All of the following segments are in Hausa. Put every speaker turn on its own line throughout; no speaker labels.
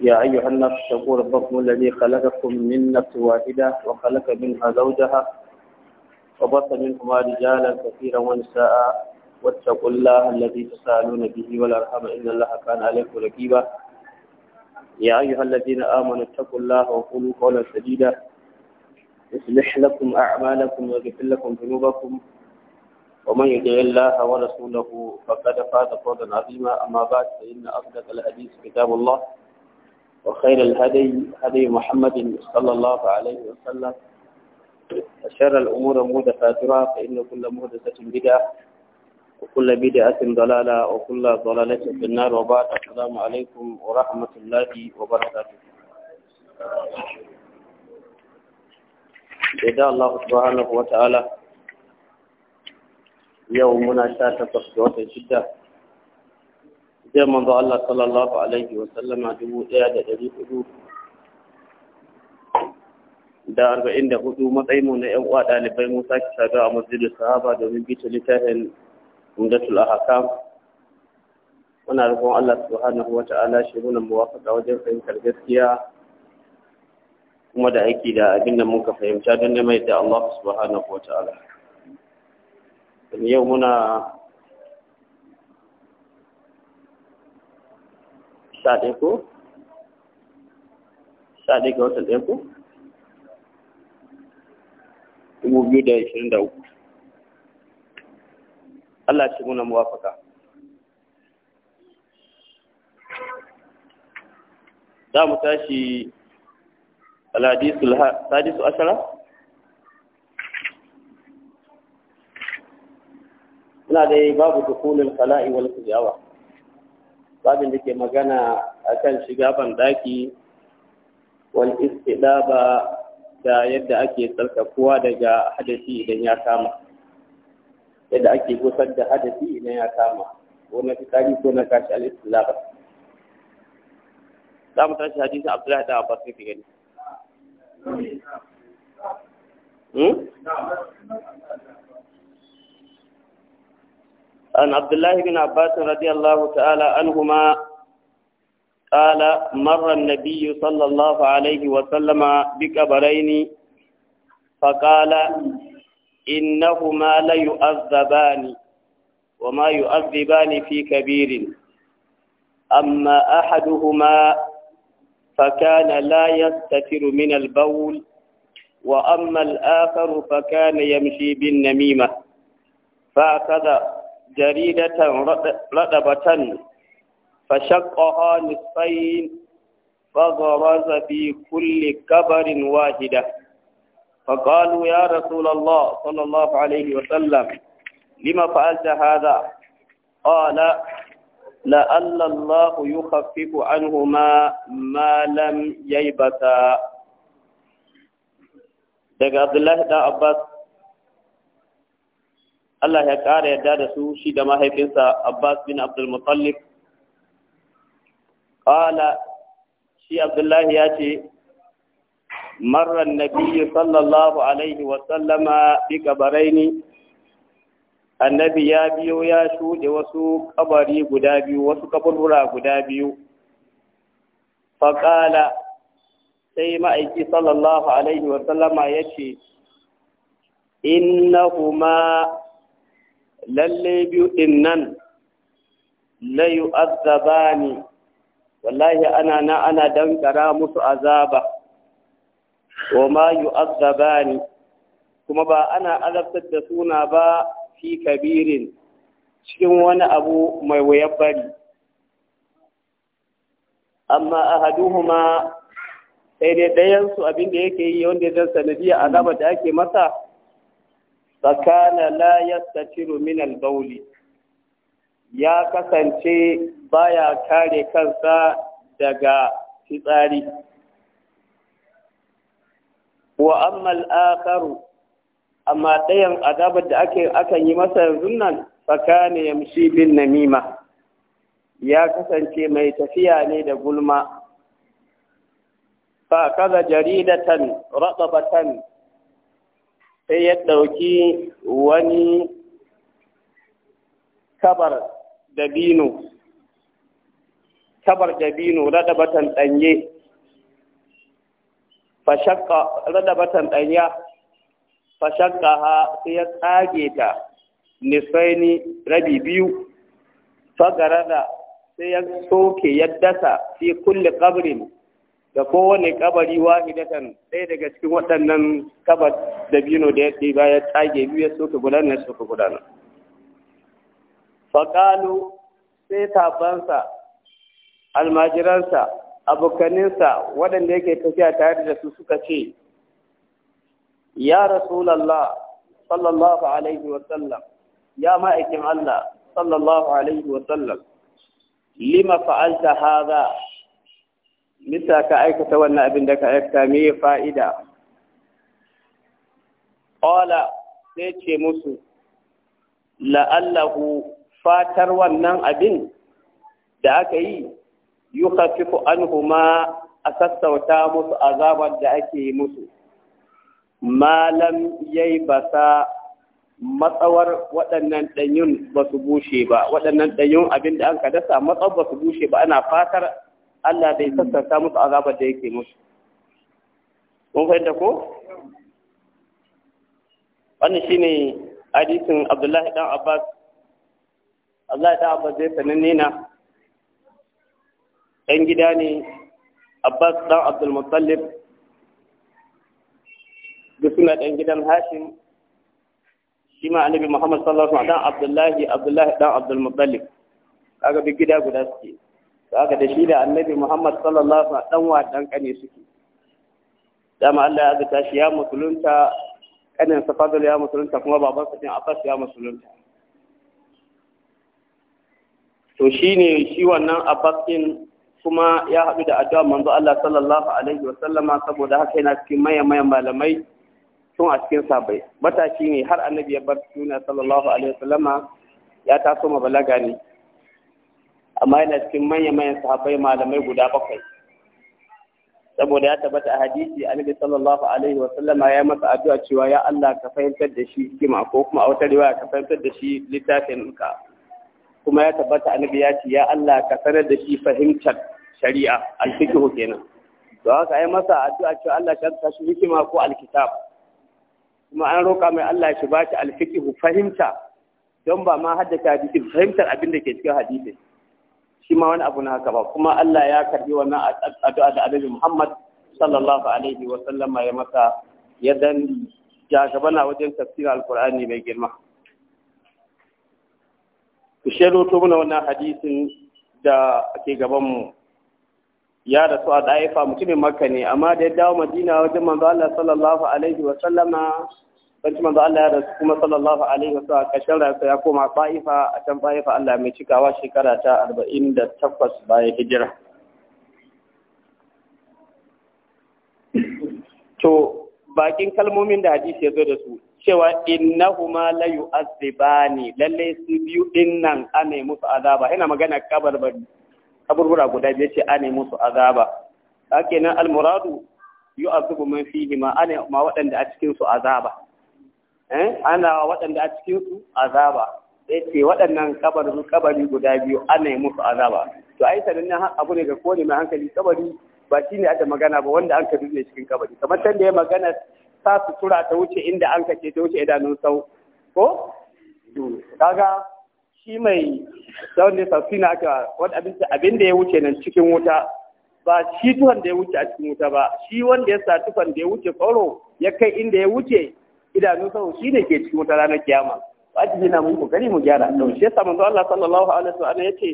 يا أيها الناس اتقوا ربكم الذي خلقكم من نفس واحدة وخلق منها زوجها وبث منهما رجالا كثيرا ونساء واتقوا الله الذي تسألون به والأرحم إن الله كان عليكم رقيبا يا أيها الذين آمنوا اتقوا الله وقولوا قولا سديدا يصلح لكم أعمالكم ويغفر لكم ذنوبكم ومن يطع الله ورسوله فقد فاز فوزا عظيما أما بعد فإن أصدق الحديث كتاب الله وخير الهدي هدي محمد صلى الله عليه وسلم وشر الأمور مهدفاتها فإن كل مهدفة بدعة وكل بدعة ضلالة وكل ضلالة في النار وبعد السلام عليكم ورحمة الله وبركاته إذا الله سبحانه وتعالى يومنا شاتة صفوة جدا zai manzo Allah sallallahu alaihi wa sallama dubu ɗaya da ɗari hudu da arba'in da hudu matsayin mu na ƴan uwa ɗalibai mun sake saduwa a masjidin sahaba domin bita littafin umdatul ahkam muna roƙon Allah subhanahu wa ta'ala shi nuna muwafaqa wajen fahimtar gaskiya kuma da aiki da abin da muka fahimta don neman yadda Allah subhanahu wa ta'ala yau muna sha ɗaya ko sha ɗaya ga watan ko biyu da ashirin da uku Allah shi muna muwafaka za mu tashi aladisu ashara na dai babu dukulul khala'i wal kijawa babin da ke magana a kan shiga banɗaki wal istidaba da yadda ake tsarkakuwa daga Hadafi idan ya kama yadda ake gusar da Hadafi idan ya kama ko na fitari ko na kashi al istidaba za mu tashi hadisin abdullahi da abbas ne gani hmm? عن عبد الله بن عباس رضي الله تعالى عنهما قال مر النبي صلى الله عليه وسلم بكبرين فقال إنهما ليؤذبان وما يؤذبان في كبير أما أحدهما فكان لا يستتر من البول وأما الآخر فكان يمشي بالنميمة فأخذ جريدة رطبة فشقها نصفين فغرز في كل كبر واحدة فقالوا يا رسول الله صلى الله عليه وسلم لما فعلت هذا قال لعل الله يخفف عنهما ما لم ييبتا daga الله da عباس Allah ya ƙara yadda da su shi da mahaifinsa Abbas bin Abdul Muttalib qala shi Abdullahi ya ce marran nabiyyu sallallahu alaihi wa sallama bi qabaraini annabi ya biyo ya shuɗe wasu kabari guda biyu wasu kaburbura guda biyu faƙala sai ma'aiki sallallahu alaihi wasallama ya ce innahuma lalle biyu ɗin nan la ne wallahi ana na ana dankara musu azaba wa ma ne kuma ba ana azabtar da suna ba fi kabirin cikin wani abu mai wuyan bari amma ahaduhuma sai dai ɗayansu abin da yake yi wanda ya zan a azabar da ake masa fakana la yastatiru min al ya kasance baya kare kansa daga fitsari wa amma al amma ɗayan azabar da ake akan yi masa yanzu nan ya yamshi bin namima ya kasance mai tafiya ne da gulma fa kaza jaridatan raqabatan sai ya ɗauki wani kabar dabino kabar dabino batan ɗanye batan ɗanya fashakka ha sai ya tsage ta nisaini rabi biyu fagara da sai ya soke ya dasa fi kulle kabrin da kowane kabari wahidatan ɗaya daga cikin waɗannan kabar da bino da ya ba ya tsage biyu ya soke gudanar ya soke gudanar faƙalu sai tabansa almajiransa abokaninsa waɗanda yake tafiya tare da su suka ce ya rasulallah sallallahu alaihi wasallam ya ma'aikin allah sallallahu alaihi wasallam lima fa'alta haza bisa ka aikata wannan abin da ka aikata me fa'ida Ola sai ce musu la'allahu fatar wannan abin da aka yi yi hafifu an huma a sassauta musu azabar da ake yi musu malam yayi basa matsawar waɗannan ɗanyun ba su bushe ba waɗannan ɗanyun abin da an ka dasa matsawar ba su bushe ba ana fatar Allah bai sassarta musu azabar da yake musu Mun fahimta ko wannan shine hadisin Abdullahi ɗan Abbas Abdullahi ɗan Abbas zai sanin na ɗan gida ne Abbas ɗan Abdul Muttalib duk suna ɗan gidan Hashim shi ma annabi Muhammad sallallahu alaihi wasallam ɗan Abdullahi Abdullahi ɗan Abdul Muttalib kaga bi gida guda suke haka da shi da annabi Muhammad sallallahu alaihi wasallam wa dan kane suke dama Allah ya zata shi ya musulunta kanin sa fadl ya musulunta kuma baban sa din Abbas ya musulunta to shine shi wannan Abbas din kuma ya haɗu da addu'a manzo Allah sallallahu alaihi wasallam saboda haka yana cikin mayan mayan malamai tun a cikin sabai matashi ne har annabi ya bar suna sallallahu alaihi wasallama ya taso mabalaga ne amma yana cikin manya-manyan sahabbai malamai guda bakwai saboda ya tabbata a hadisi annabi sallallahu alaihi wa sallama ya masa addu'a cewa ya Allah ka fahimtar da shi hikima ko kuma a wata riwaya ka fahimtar da shi littafin ka kuma ya tabbata annabi ya ce ya Allah ka sanar da shi fahimtar shari'a al-fiqh kenan to haka ai masa addu'a cewa Allah ka sa shi hikima ko al-kitab kuma an roƙa mai Allah shi ba shi al-fiqh fahimta don ba ma haddaka hadisi fahimtar abin da ke cikin hadisi shi ma wani abu na haka ba kuma Allah ya karbi wannan addu'a da Annabi Muhammad sallallahu alaihi wa sallam, ya masa ya dan na wajen tafsirin alqur'ani mai girma ku shero to mana wannan hadisin da ke gaban mu ya da su a daifa mutumin makka ne amma da ya dawo madina wajen manzo Allah sallallahu alaihi wa sallama barci manzo Allah ya rasu kuma sallallahu alaihi wa sallam kashin rayuwa ya koma Ba'ifa a can Ba'ifa Allah mai cikawa shekara ta 48 bayan hijira to bakin kalmomin da hadisi ya zo da su cewa innahuma la yu'azzibani lalle su biyu din nan ane musu azaba ina magana kabar kaburbura guda biyar ce ane musu azaba kenan almuradu yu'azzibu man fihi ma ma waɗanda a cikin su azaba Eh, ana waɗanda a cikinsu azaba ya ce waɗannan kabarin kabari guda biyu ana yi musu azaba to ai sanannen abu ne ga kowane mai hankali kabari ba shi ne aka magana ba wanda an ka dutse cikin kabari kamar can da ya magana sa su tura ta wuce inda an ka ce ta wuce idanun sau ko kaga shi mai tsawon ne sauki na aka wani abin da ya wuce nan cikin wuta ba shi tuhon da ya wuce a cikin wuta ba shi wanda ya sa tuhon da ya wuce tsoro ya kai inda ya wuce idanun sau shi ne ke cikin wata ranar kiyama ba ji na mun kokari mu gyara to shi yasa manzo Allah sallallahu alaihi ya yace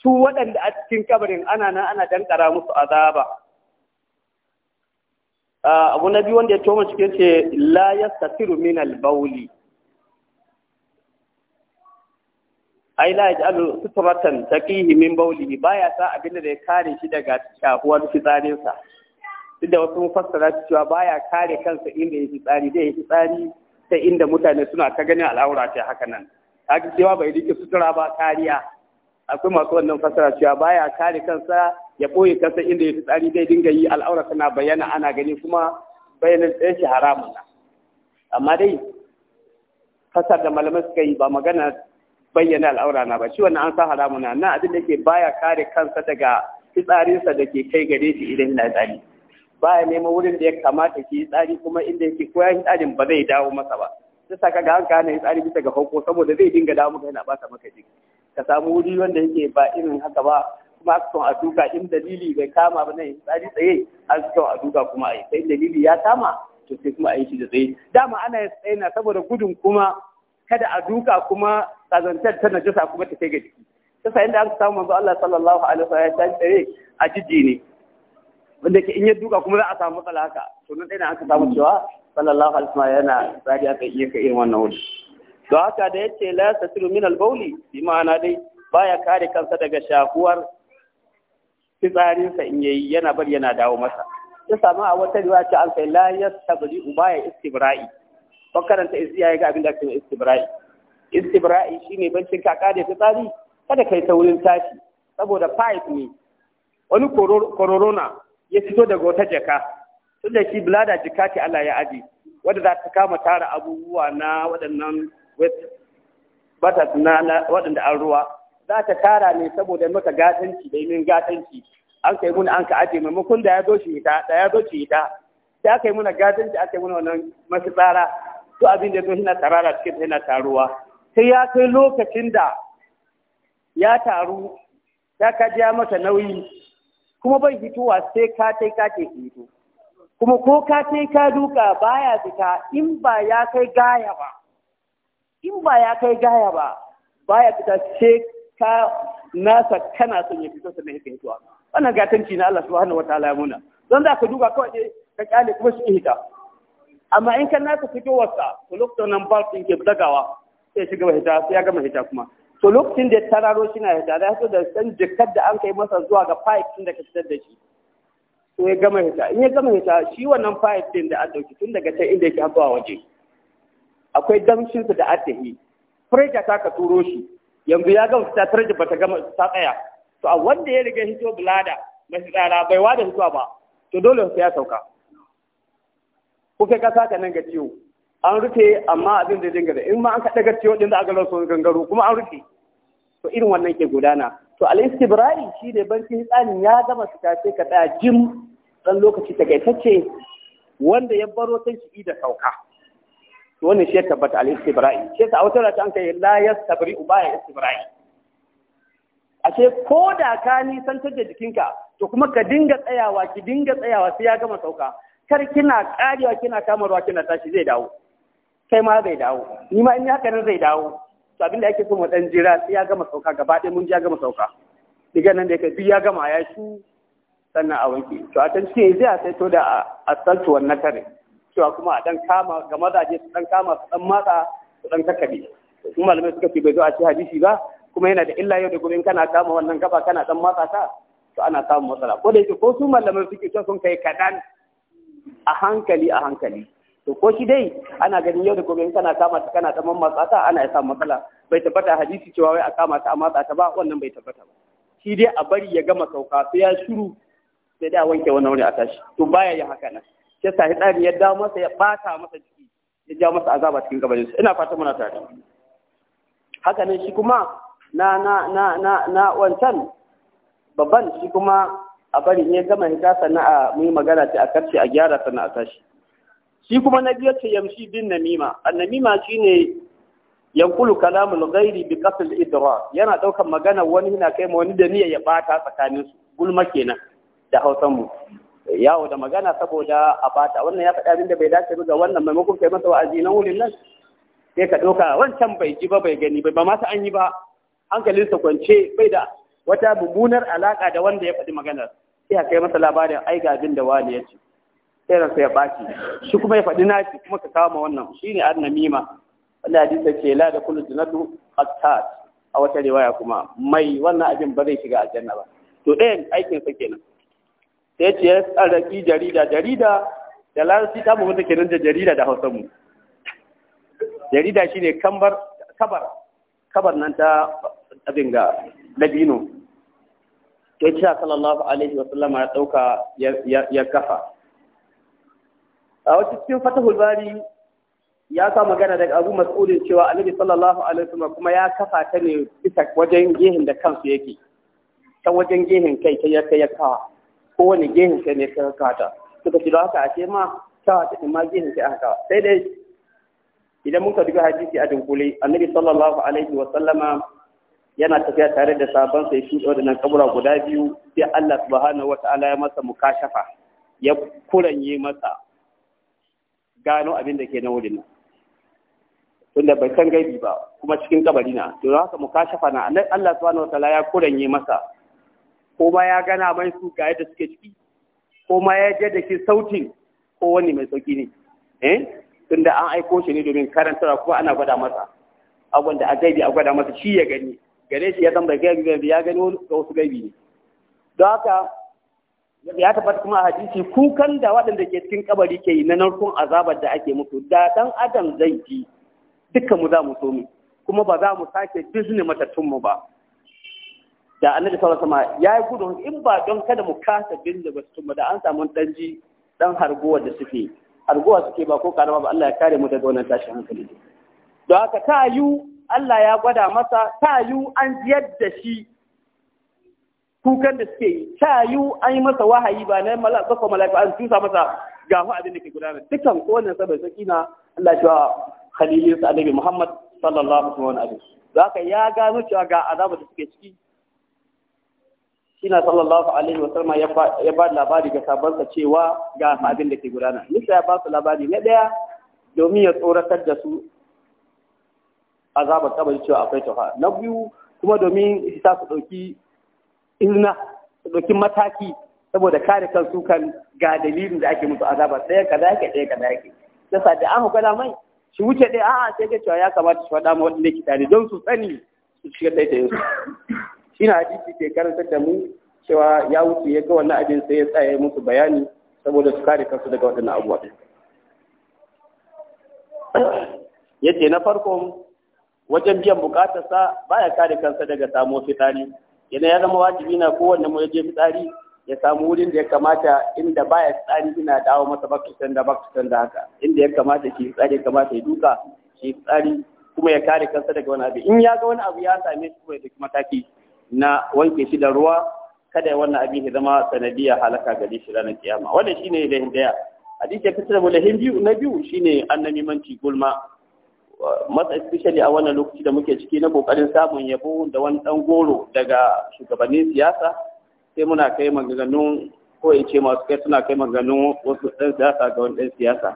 su waɗanda a cikin kabarin ana nan ana dankara musu azaba abu na biyu wanda ya toma cikin ce la yastafiru min al-bawli ai la yaj'alu sutratan taqihi min Ba baya sa abinda da ya kare shi daga shahuwar fitsarinsa duk da wasu mufassara su cewa baya kare kansa inda ya tsari zai yi tsari ta inda mutane suna ta ganin al'aura ce haka nan haka cewa bai rike sutura ba kariya akwai masu wannan fassara cewa baya kare kansa ya ɓoye kansa inda ya tsari, zai dinga yi al'aura tana bayyana ana gani kuma bayanan ɗaya shi haramun na amma dai fassar da malamai suka yi ba magana bayyana al'aura na ba shi wannan an sa haramun na na abin da ke baya kare kansa daga fitsarinsa da ke kai gare shi idan yana tsari baya neman wurin da ya kamata ki tsari kuma inda yake ko ya tsarin ba zai dawo masa ba sai saka ga hanka yi tsari bisa ga farko saboda zai dinga dawo maka yana bata maka jiki ka samu wuri wanda yake ba irin haka ba kuma aka son a duka in dalili bai kama ba na yi tsari tsaye an son a duka kuma a yi sai dalili ya kama to sai kuma a yi shi da tsaye dama ana tsaye na saboda gudun kuma kada a duka kuma kazantar ta najasa kuma ta kai ga jiki ta sa da aka samu manzo Allah sallallahu alaihi wasallam ya tsaye a jiji ne wanda ke in yi duka kuma za a samu matsala haka to na ɗaya aka samu cewa sallallahu alaihi wasallam yana tsari aka iya kai irin wannan wuri to haka da yace la tasiru min al-bawli bi ma'ana dai baya kare kansa daga shakuwar fitsarinsa in ya yi. yana bari yana dawo masa ya samu a wata riwaya ce an sai la yastabri baya istibra'i ko karanta izziya ga abin da ake istibra'i istibra'i shine bancin ka kare fitsari kada kai ta wurin tashi saboda pipe ne wani kororona ya fito daga wata jaka tun da shi bilada jika ce Allah ya aji wadda za ta kama tara abubuwa na waɗannan batas na waɗanda an ruwa za ta tara ne saboda maka gatanci da min gatanci an kai mun an ka aje maimakon da ya zo shi ita da ya zo shi ita sai aka yi muna gatanci aka yi muna wannan masu tsara to abin da ya zo yana tarara cikin yana taruwa sai ya kai lokacin da ya taru ta kaji ya masa nauyi kuma bai fitowa sai ka tai ka ce fito kuma ko ka tai ka duka baya fita in ba ya kai gaya ba in ba ya kai gaya ba baya fita sai ka nasa kana son ya fito sannan ya fitowa wannan gatanci na Allah subhanahu wataala ya muna don za ka duka kawai dai ka kyale kuma shi hita amma in ka nasa fitowarsa to lokacin nan ba ɗin ke bugawa sai shiga hita sai ya gama hita kuma to lokacin da ya tararo shi na hita da ya so da san jikar da an kai masa zuwa ga fayif tun da ka da shi to ya gama hita in ya gama hita shi wannan fayif din da an dauki tun daga can inda yake zuwa waje akwai damshin su da addahi furja ta ka turo shi yanzu ya gama fita furja bata gama ta tsaya to a wanda ya riga hito bulada mai tsara bai wada hitowa ba to dole sai ya sauka kuke kasa ka nan ga ciwo an rufe amma abin zai dinga da in ma an kaɗa gaske waɗanda da aka rasa gangaro kuma an rufe to irin wannan ke gudana to al-istibra'i shi ne bankin tsanin ya gama su tafe ka ɗaya jim ɗan lokaci ta ce wanda ya baro sai shi da sauka to wannan shi ya tabbata al-istibra'i shi yasa a wata rata an kai la yastabri'u uba ya A ce ko da ka nisantar da jikinka to kuma ka dinga tsayawa ki dinga tsayawa sai ya gama sauka kar kina karewa kina kamarwa kina tashi zai dawo kai ma zai dawo ni ma in ya haka zai dawo to abinda ake so mu dan jira sai ya gama sauka gaba ɗaya mun ji ya gama sauka diga nan da yake bi ya gama ya shi sannan a wanke to a can ce zai a sai to da a tsantuwar na kare cewa kuma a dan kama ga mazaje su dan kama su dan matsa su dan kakkabe kuma malamai suka ce bai zo a ci hadisi ba kuma yana da illa yau da gobe in kana kama wannan gaba kana dan matsa ta to ana samun matsala ko da yake ko su malamai suke son sun kai kadan a hankali a hankali to ko shi dai ana ganin yau da gobe in kana kama ta kana ta mammatsa ta ana isa matsala bai tabbata hadisi cewa wai a kama ta a matsa ta ba wannan bai tabbata ba shi dai a bari ya gama sauka sai ya shiru sai dai a wanke wannan wuri a tashi to baya yin haka nan sai sa hitsari ya dawo masa ya fata masa jiki ya ja masa azaba cikin gabanin ina fata muna tare haka nan shi kuma na na na na na wancan babban shi kuma a bari ne gama hita sannan a mun yi magana ce a karshe a gyara sannan a tashi shi kuma na biyar ce yamshi bin namima annamima shine yankulu kalamul ghairi bi qasl yana daukan magana wani yana kai ma wani da niyya ya bata tsakanin su gulma kenan da hausan mu yawo da magana saboda a bata wannan ya faɗa abinda bai dace ba ga wannan maimakon kai masa wa'azi na wurin nan sai ka ɗauka. wancan bai ji ba bai gani ba ba ma an yi ba hankalinsa kwance bai da wata mummunar alaka da wanda ya faɗi maganar sai a kai masa labarin ai ga abin da wani ya ce sai ya ɓaci shi kuma ya faɗi nashi kuma ka kama wannan shine annamima wanda hadisi ce la da kullu junatu hatta a wata riwaya kuma mai wannan abin ba zai shiga aljanna ba to ɗayan aikin sa kenan sai ce ya tsaraki jarida jarida da shi ta mu kenan da jarida da hausa mu jarida shine kambar kabar kabar nan ta abin ga dabino to ya ce sallallahu alaihi wa sallama ya dauka ya kafa a wasu cikin fatahul bari ya sa magana daga abu mas'udin cewa annabi sallallahu alaihi wasallam kuma ya kafa ta ne bisa wajen gehin da kansu yake ta wajen gehin kai ta yaka ya kawa kowane gehin kai ne ka ta suka ce don haka a ce ma kawa ta ma gehin kai aka kawa sai dai idan muka dubi hadisi a dunkule annabi sallallahu alaihi wasallama yana tafiya tare da sabon sai shi na kabura guda biyu sai Allah subhanahu ta'ala ya masa mukashafa ya kuranye masa gano abin da ke na wurin nan tunda bai san gaibi ba kuma cikin kabari na to haka mu kashafa na Allah subhanahu wataala ya kuranye masa ko ma ya gana mai su ga yadda suke ciki ko ma ya je da shi sautin ko wani mai sauki ne eh tunda an aiko shi ne domin karantarwa kuma ana gwada masa abin da a gaibi a gwada masa shi ya gani gare shi ya san bai gaibi ya gani wasu gaibi ne don haka ya tabbata kuma a hadisi kukan da waɗanda ke cikin kabari ke yi na narkon azabar da ake mutu da ɗan adam zai ji dukkan mu za mu so mu kuma ba za mu sake bizni matattun mu ba da annabi sallallahu alaihi wasallam yi gudun in ba don kada mu kasa bizni matattun mu da an samu dan ji dan harguwa da suke harguwa suke ba ko karama ba Allah ya kare mu daga wannan tashin hankali don haka ta yu Allah ya gwada masa ta yu an ziyar da shi kukan da suke yi ta yiwu an yi masa wahayi ba na malaka malaka an tusa masa ga mu abin da ke gudana Dukkan kowanne sabai saki na Allah ya khalilin sa annabi Muhammad sallallahu alaihi Za ka ya gano cewa ga azaba da suke ciki shina sallallahu alaihi wa ya ba labari ga sa cewa ga abin da ke gudana nisa ya ba su labari na daya domin ya tsoratar da su azabar bai cewa akwai tafa na biyu kuma domin isa su dauki inna dokin mataki saboda kare kansu kan ga dalilin da ake musu azaba ɗaya kaza yake ɗaya kaza yake yasa da an hukala mai shi wuce ɗaya a'a sai ga cewa ya kamata shi faɗa ma wanda yake tare don su sani su shiga da ɗaya su na hadisi ke karanta da mu cewa ya wuce ya ga wannan abin sai ya tsaya musu bayani saboda su kare kansu daga waɗannan abubuwa yace na farko wajen biyan bukatarsa baya kare kansa daga samuwar fitani yana ya zama wajibi na kowanne mu je fitsari ya samu wurin da ya kamata inda baya fitsari ina dawo masa back to da back da haka inda ya kamata shi fitsari ya kamata ya duka shi fitsari kuma ya kare kansa daga wani abu in ya ga wani abu ya same shi kuma ya duk mataki na wanke shi da ruwa kada wannan abin ya zama sanadiyar halaka gare shi ranar kiyama wannan shine lahin daya hadisi ya fitar da lahin biyu na biyu shine manci gulma masa especially a wannan lokaci da muke ciki na kokarin samun yabo da wani dan goro daga shugabannin siyasa sai muna kai maganganun ko in ce masu kai suna kai maganganun wasu dan siyasa ga wani dan siyasa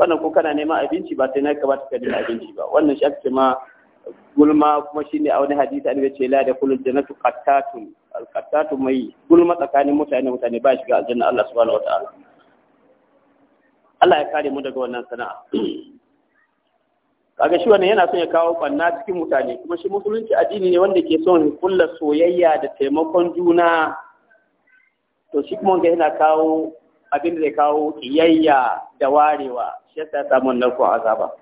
wannan ko kana neman abinci ba sai na kamata ka kadin abinci ba wannan shi ake ma gulma kuma shine a wani hadisi an ce la da kullu jannatu qattatun al qattatu mai gulma tsakanin mutane mutane ba shiga aljanna Allah subhanahu wataala Allah ya kare mu daga wannan sana'a kaga shi wannan yana son ya kawo banna cikin mutane kuma shi musulunci addini ne wanda ke son kulla soyayya da taimakon juna to shi kuma wanda yana kawo abin da zai kawo kiyayya da warewa shi yasa ya samu narkon azaba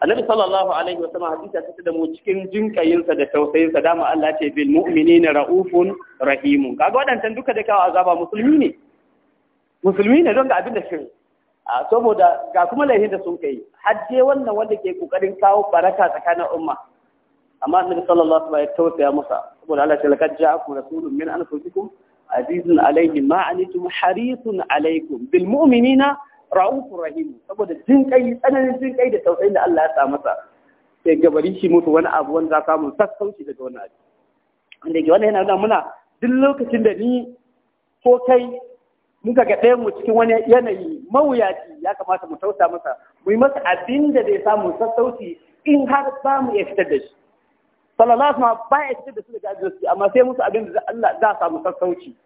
annabi sallallahu alaihi wa sallam hadisi ta da mu cikin jinkayinsa da tausayinsa dama Allah ce bil mu'minina raufun rahimun kaga wadannan duka da kawo azaba musulmi ne musulmi ne don ga abin da shi saboda ga kuma laifin da sun kai hajje wannan wanda ke kokarin kawo baraka tsakanin umma amma annabi sallallahu alaihi wasallam ya tausaya masa saboda Allah ya laqad ja'akum rasulun min anfusikum azizun alaihi ma anitum harisun alaikum bil mu'minina ra'ufur rahim saboda jin kai tsananin jin kai da tausayin da Allah ya sa masa sai gabari shi mutu wani abu wanda za samu sassauci daga wannan abu wanda yake wannan yana nuna muna duk lokacin da ni ko kai muka ga ɗayan mu cikin wani yanayi mawuyaci ya kamata mu tausa masa mu yi masa abin da zai samu sassauci in har ba mu iya fitar da shi sallallahu alaihi wasallam ba ya fitar da su daga ajiyarsu amma sai musu abin da Allah za samu sassauci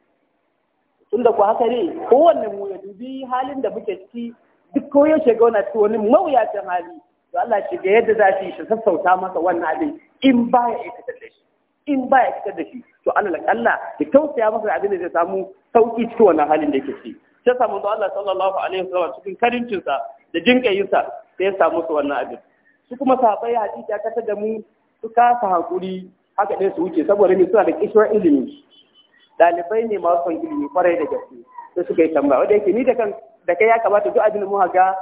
tunda ku haka ne kowanne mu ya dubi halin da muke ciki duk ko ya shiga wani cikin wani mawuyacin hali to Allah shiga yadda za shi shi sassauta masa wannan abin in ba ya fitar da shi in ba ya fitar da shi to Allah Allah da tausaya masa da abin da zai samu sauki cikin wannan halin da yake ciki sai samu Allah sallallahu alaihi wasallam cikin karincin sa da jinkayin sa sai ya samu su wannan abin su kuma sahabbai hadisi ya kasa da mu su kasa hakuri haka dai su wuce saboda ni suna da kishwar ilimi dalibai ne masu son ilimi kwarai da gaske sai suka yi tambaya wanda yake ni da kan da kai ya kamata duk abin da mu haga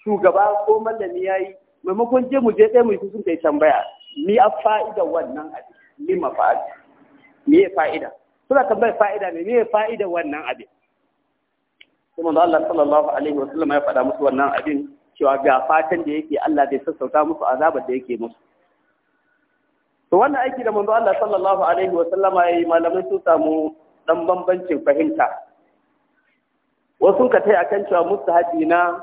shugaba ko mallami yayi maimakon je mu je sai mu yi sun kai tambaya ni a fa'idar wannan abin lima fa'al me fa'ida suna tambayar fa'ida ne me fa'ida wannan abin sai manzo Allah sallallahu alaihi sallam, ya faɗa musu wannan abin cewa ga fatan da yake Allah zai sassauta musu azabar da yake musu to wannan aiki da manzo Allah sallallahu alaihi sallam, ya yi malamai sun samu dan bambancin fahimta wasu ka tai akan cewa mustahabi na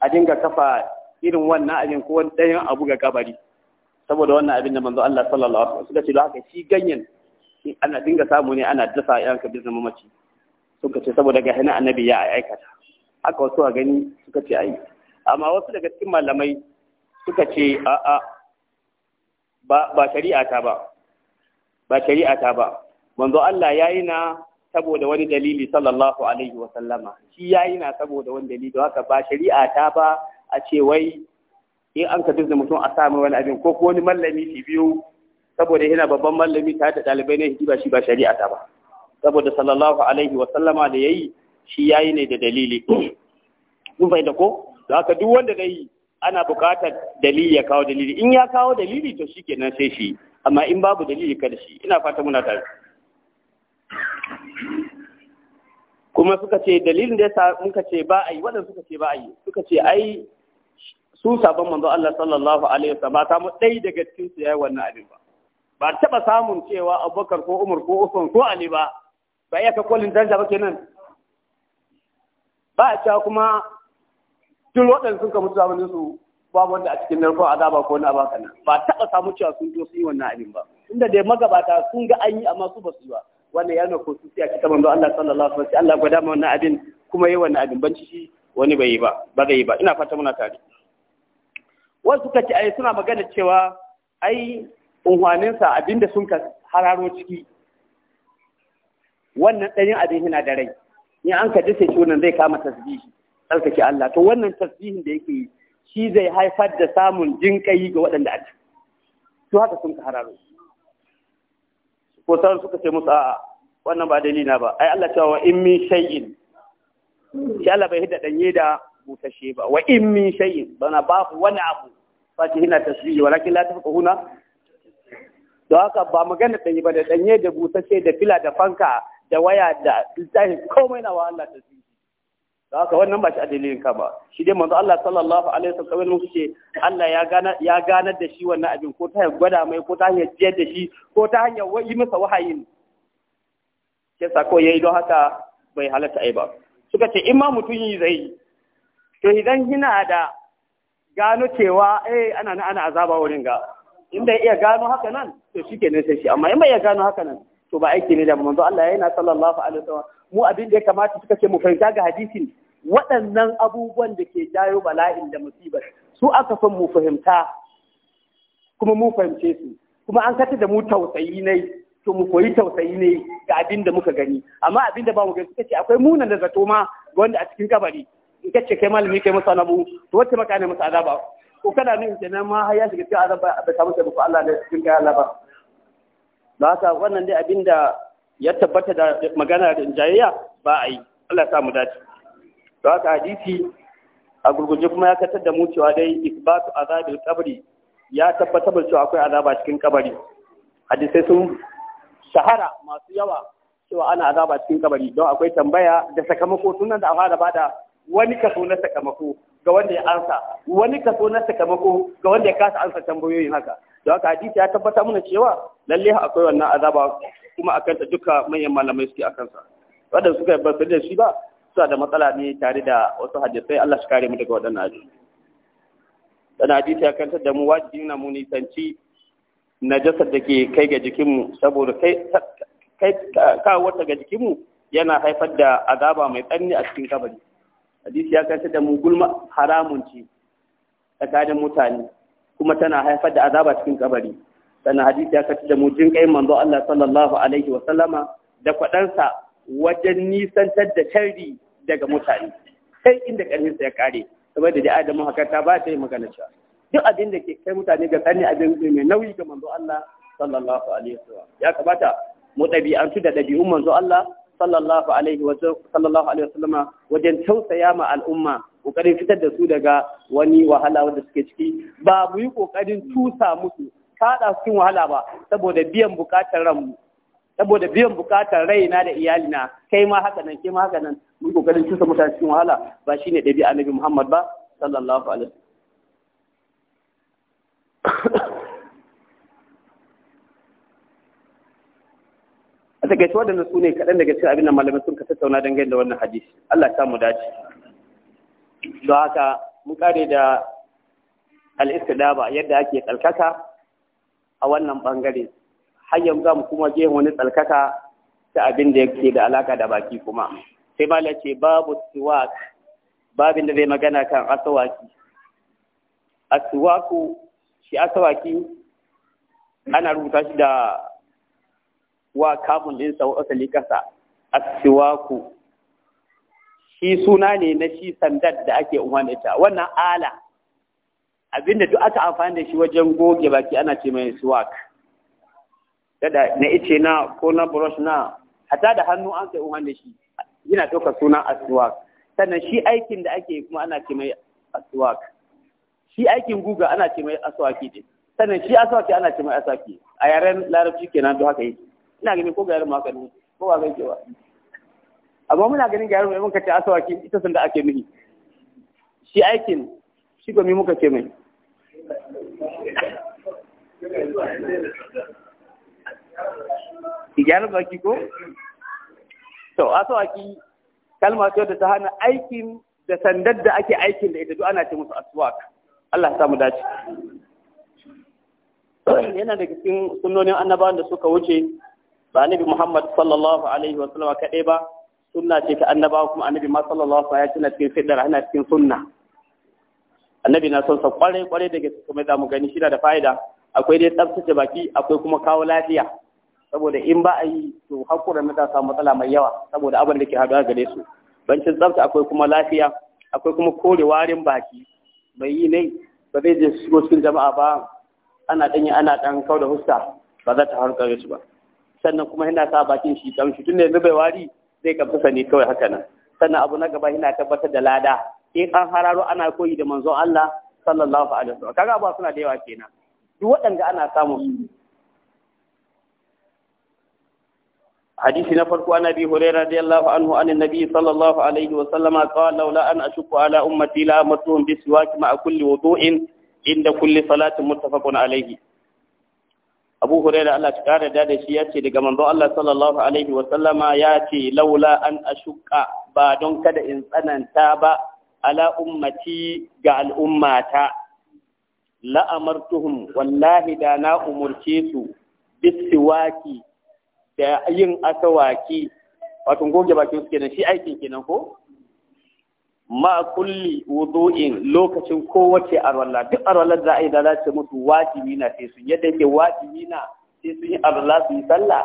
a dinga kafa irin wannan abin ko wani ɗayan abu ga kabari saboda wannan abin da manzo Allah sallallahu alaihi wasallam suka ce haka shi ganyen ana dinga samu ne ana dasa yan ka bizin mamaci suka ce saboda ga hina annabi ya aikata haka wasu a gani suka ce ai amma wasu daga cikin malamai suka ce a a ba ba shari'a ta ba ba shari'a ta ba manzo Allah yayi na saboda wani dalili sallallahu alaihi wasallama shi yayi na saboda wani dalili haka ba shari'a ta ba a ce wai in an ka da mutum a sami wani abin ko wani mallami shi biyu saboda yana babban mallami ta da ɗalibai ne shi ba shi ba shari'a ta ba saboda sallallahu alaihi wa sallama da yayi shi yayi ne da dalili kun fahimta ko da haka duk wanda da yi ana buƙatar dalili ya kawo dalili in ya kawo dalili to shikenan sai shi amma in babu dalili kada shi ina fata muna tare kuma suka ce dalilin da yasa muka ce ba a yi waɗanda suka ce ba a yi suka ce ai su sabon manzo Allah sallallahu alaihi wasallam ba samu ɗaya daga cikin su yayi wannan abin ba ba taba samun cewa Abubakar ko Umar ko Usman ko Ali ba ba iya ka kolin danja ba kenan ba a cewa kuma duk waɗansu sun ka mutu zamanin su ba wanda a cikin narko azaba ko na baka nan ba taba samu cewa sun zo sun yi wannan abin ba inda dai magabata sun ga an yi amma su ba su yi ba wannan ya nuna kusurci a cikin manzo Allah sallallahu alaihi wasallam Allah gwada ma wannan abin kuma yi wannan abin ban shi wani bai yi ba ba zai yi ba ina fata muna tare wasu suka ce ai suna magana cewa ai unhwaninsa abinda sun ka hararo ciki wannan ɗanyen abin yana da rai in an ka dace shi wannan zai kama tasbihi tsarkake Allah to wannan tasbihin da yake yi shi zai haifar da samun jinƙayi ga waɗanda ake. to haka sun ka hararo ko sauran suka ce musu wannan ba dalila ba ai Allah cewa in min shay'in shi Allah bai hidda danye da busashe ba wa in min shay'in bana babu wani abu fati hina tasbihi walakin la tafqahuna don haka ba magana danyi ba da danye da busashe da fila da fanka da waya da littafi komai na wa Allah tasbihi don haka wannan ba shi adalilin ka ba shi dai manzo Allah sallallahu alaihi wasallam kamar ce Allah ya gana ya ganar da shi wannan abin ko ta hanyar gwada mai ko ta hanyar jiyar da shi ko ta hanyar yi masa wahayin ke sako yayi don haka bai halatta ai ba suka ce in ma mutum yi zai to idan kina da gano cewa eh ana na ana azaba wurin ga in bai iya gano haka nan to shikenan sai shi amma in bai iya gano haka nan to ba aiki ne da manzo Allah yana sallallahu alaihi wasallam mu abin da ya kamata suka ce mu fahimta ga hadisin waɗannan abubuwan da ke jayo bala'in da musibar su aka san mu fahimta kuma mu fahimce su kuma an kata da mu tausayi ne to mu koyi tausayi ne ga abin da muka gani amma abin da ba mu gani suka ce akwai munan da zato ma ga wanda a cikin kabari in kace kai malami kai masa nabu to wacce maka ne masa azaba ko kana min kenan ma har ya shiga cikin azaba da ka masa ko Allah da cikin kai Allah ba don haka wannan dai abinda ya tabbata da magana da jayayya ba a yi Allah ya sa mu dace to haka hadisi a gurguje kuma ya katar da mu cewa dai isbatu azabil qabri ya tabbatar da cewa akwai azaba cikin kabari hadisai sun shahara masu yawa cewa ana azaba cikin kabari don akwai tambaya da sakamako sunan da a fara bada wani kaso na sakamako ga wanda ya ansa wani kaso na sakamako ga wanda ya kasa ansa tambayoyin haka don haka hadisi ya tabbata mana cewa lalle akwai wannan azaba kuma akan ta duka manyan malamai suke akan sa wanda suka yi basu da shi ba suna da matsala ne tare da wasu hadisai Allah shi kare mu daga waɗannan hadisi dan hadisi ya kantar da mu wajibi na mu nisanci najasar da ke kai ga jikinmu saboda kai kai ka wata ga jikinmu yana haifar da azaba mai tsanani a cikin kabari hadisi ya kai da mugulma haramun ce tsakanin mutane kuma tana haifar da azaba cikin kabari sannan hadisi ya kai da mu kai manzo Allah sallallahu alaihi wa sallama da kwadansa wajen nisantar da sharri daga mutane sai inda karfin ya kare saboda da Adamu haka ta ba ta yi magana cewa duk abin da ke kai mutane ga sani abin mai nauyi ga manzo Allah sallallahu alaihi wasallam ya kamata mu ɗabi'antu da ɗabi'un manzo Allah sallallahu alaihi wa sallallahu alaihi wasallam wajen tausaya ma al'umma kokarin fitar da su daga wani wahala wanda suke ciki ba mu yi kokarin tusa musu kada cikin wahala ba saboda biyan bukatar ranmu saboda biyan bukatar raina da iyalina kai ma haka nan kai ma haka nan mun kokarin tusa mutane cikin wahala ba shine dabi'a annabi Muhammad ba sallallahu alaihi takaice waɗanda su ne kaɗan daga cikin abin da malamai sun ka tattauna dangane da wannan hadisi Allah ta mu dace don haka mun kare da al-istidaba yadda ake tsalkaka a wannan bangare har yanzu za mu kuma je wani tsalkaka ta abin da yake da alaka da baki kuma sai malam ce babu siwak babin da zai magana kan asawaki asawaku shi asawaki ana rubuta shi da wa kamun linsa wa asali kasa asiwaku shi suna ne na shi sandar da ake umarni ta wannan ala abinda duk aka amfani da shi wajen goge baki ana ce mai siwak dada na ice na ko na brush na hata da hannu an kai umarni shi yana ɗaukar suna siwak. sannan shi aikin da ake kuma ana ce mai aswak shi aikin guga ana ce mai aswaki ne sannan shi aswaki ana ce mai aswaki a yaren larabci kenan to haka yake ina ganin ko ga maka ma ne ko ba zai ba? amma muna ganin ga yaron mai muka ce asawaki ita sun da ake mini shi aikin shi gomi muka ce mai gyara baki ko? To, asawaki kalma ce da ta hana aikin da sandar da ake aikin da ita duk ana ce musu aswak. Allah samu dace. Yana da cikin sunnonin annabawan da suka wuce ba annabi Muhammad sallallahu alaihi wa sallama kadai ba sunna ce ta annabawa kuma annabi ma sallallahu alaihi wa yana cikin fidda yana cikin sunna annabi na son sa kwarai kwarai da gaske kuma za mu gani shi da fa'ida akwai dai tsaftace baki akwai kuma kawo lafiya saboda in ba a yi to hakuran na ta samu matsala mai yawa saboda abin da ke haɗuwa gare su bancin tsafta akwai kuma lafiya akwai kuma kore warin baki Bai yi ne ba zai je shigo cikin jama'a ba ana ɗanyi ana ɗan kau da huska ba za ta harkar su ba sannan kuma yana sa bakin shi shi tunda yanzu bai wari zai kamfi sani kawai haka nan sannan abu na gaba yana tabbatar da lada in an hararo ana koyi da manzon Allah sallallahu alaihi wasallam kaga abuwa suna da yawa kenan duk waɗanda ana samu su حديث نفرق عن ابي هريره رضي الله عنه عن النبي صلى الله عليه وسلم قال لولا ان اشك على امتي لامرتهم بالسواك مع كل وضوء عند كل صلاه متفق عليه abu huraira Allah ta kare da shi ya ce daga manzo Allah sallallahu alaihi wa sallama ya ce laula an ashuka ba don kada in tsananta ba ala ummati ga al'ummata la amartuhum wallahi da na umurce su bisiwaki da yin asawaki wato goge bakin su kenan shi aikin kenan ko ma kulli wudu'in lokacin kowace arwala duk arwallar za a yi da za ta mutu wajibi na sai sun yadda yake wajibi na sai sun yi arwala su yi sallah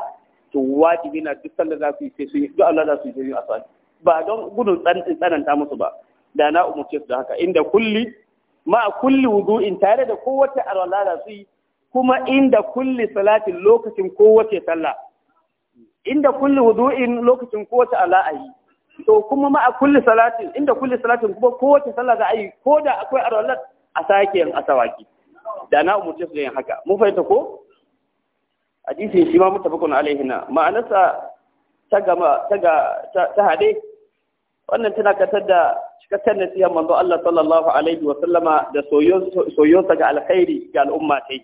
to wajibi na duk sallah za su yi sai sun yi duk arwala za su yi sai sun yi asali ba don gudun tsananta musu ba da na umarci su da haka inda kulli ma kulli wudu'in tare da kowace arwala za su yi kuma inda kulli salatin lokacin kowace sallah inda kulli wudu'in lokacin kowace ala'ayi to kuma ma a kulli salatin inda kulli salatin kuma kowace sallah za a yi ko da akwai arwalat a sake yin asawaki da na umurce su yin haka mun fahimta ko hadisi shi ma mutafakun alaihi na ma'anarsa ta gama ta ga ta hade wannan tana katar da cikakken nasiha manzo Allah sallallahu alaihi wa sallama da soyonsa ga alkhairi ga al'umma tai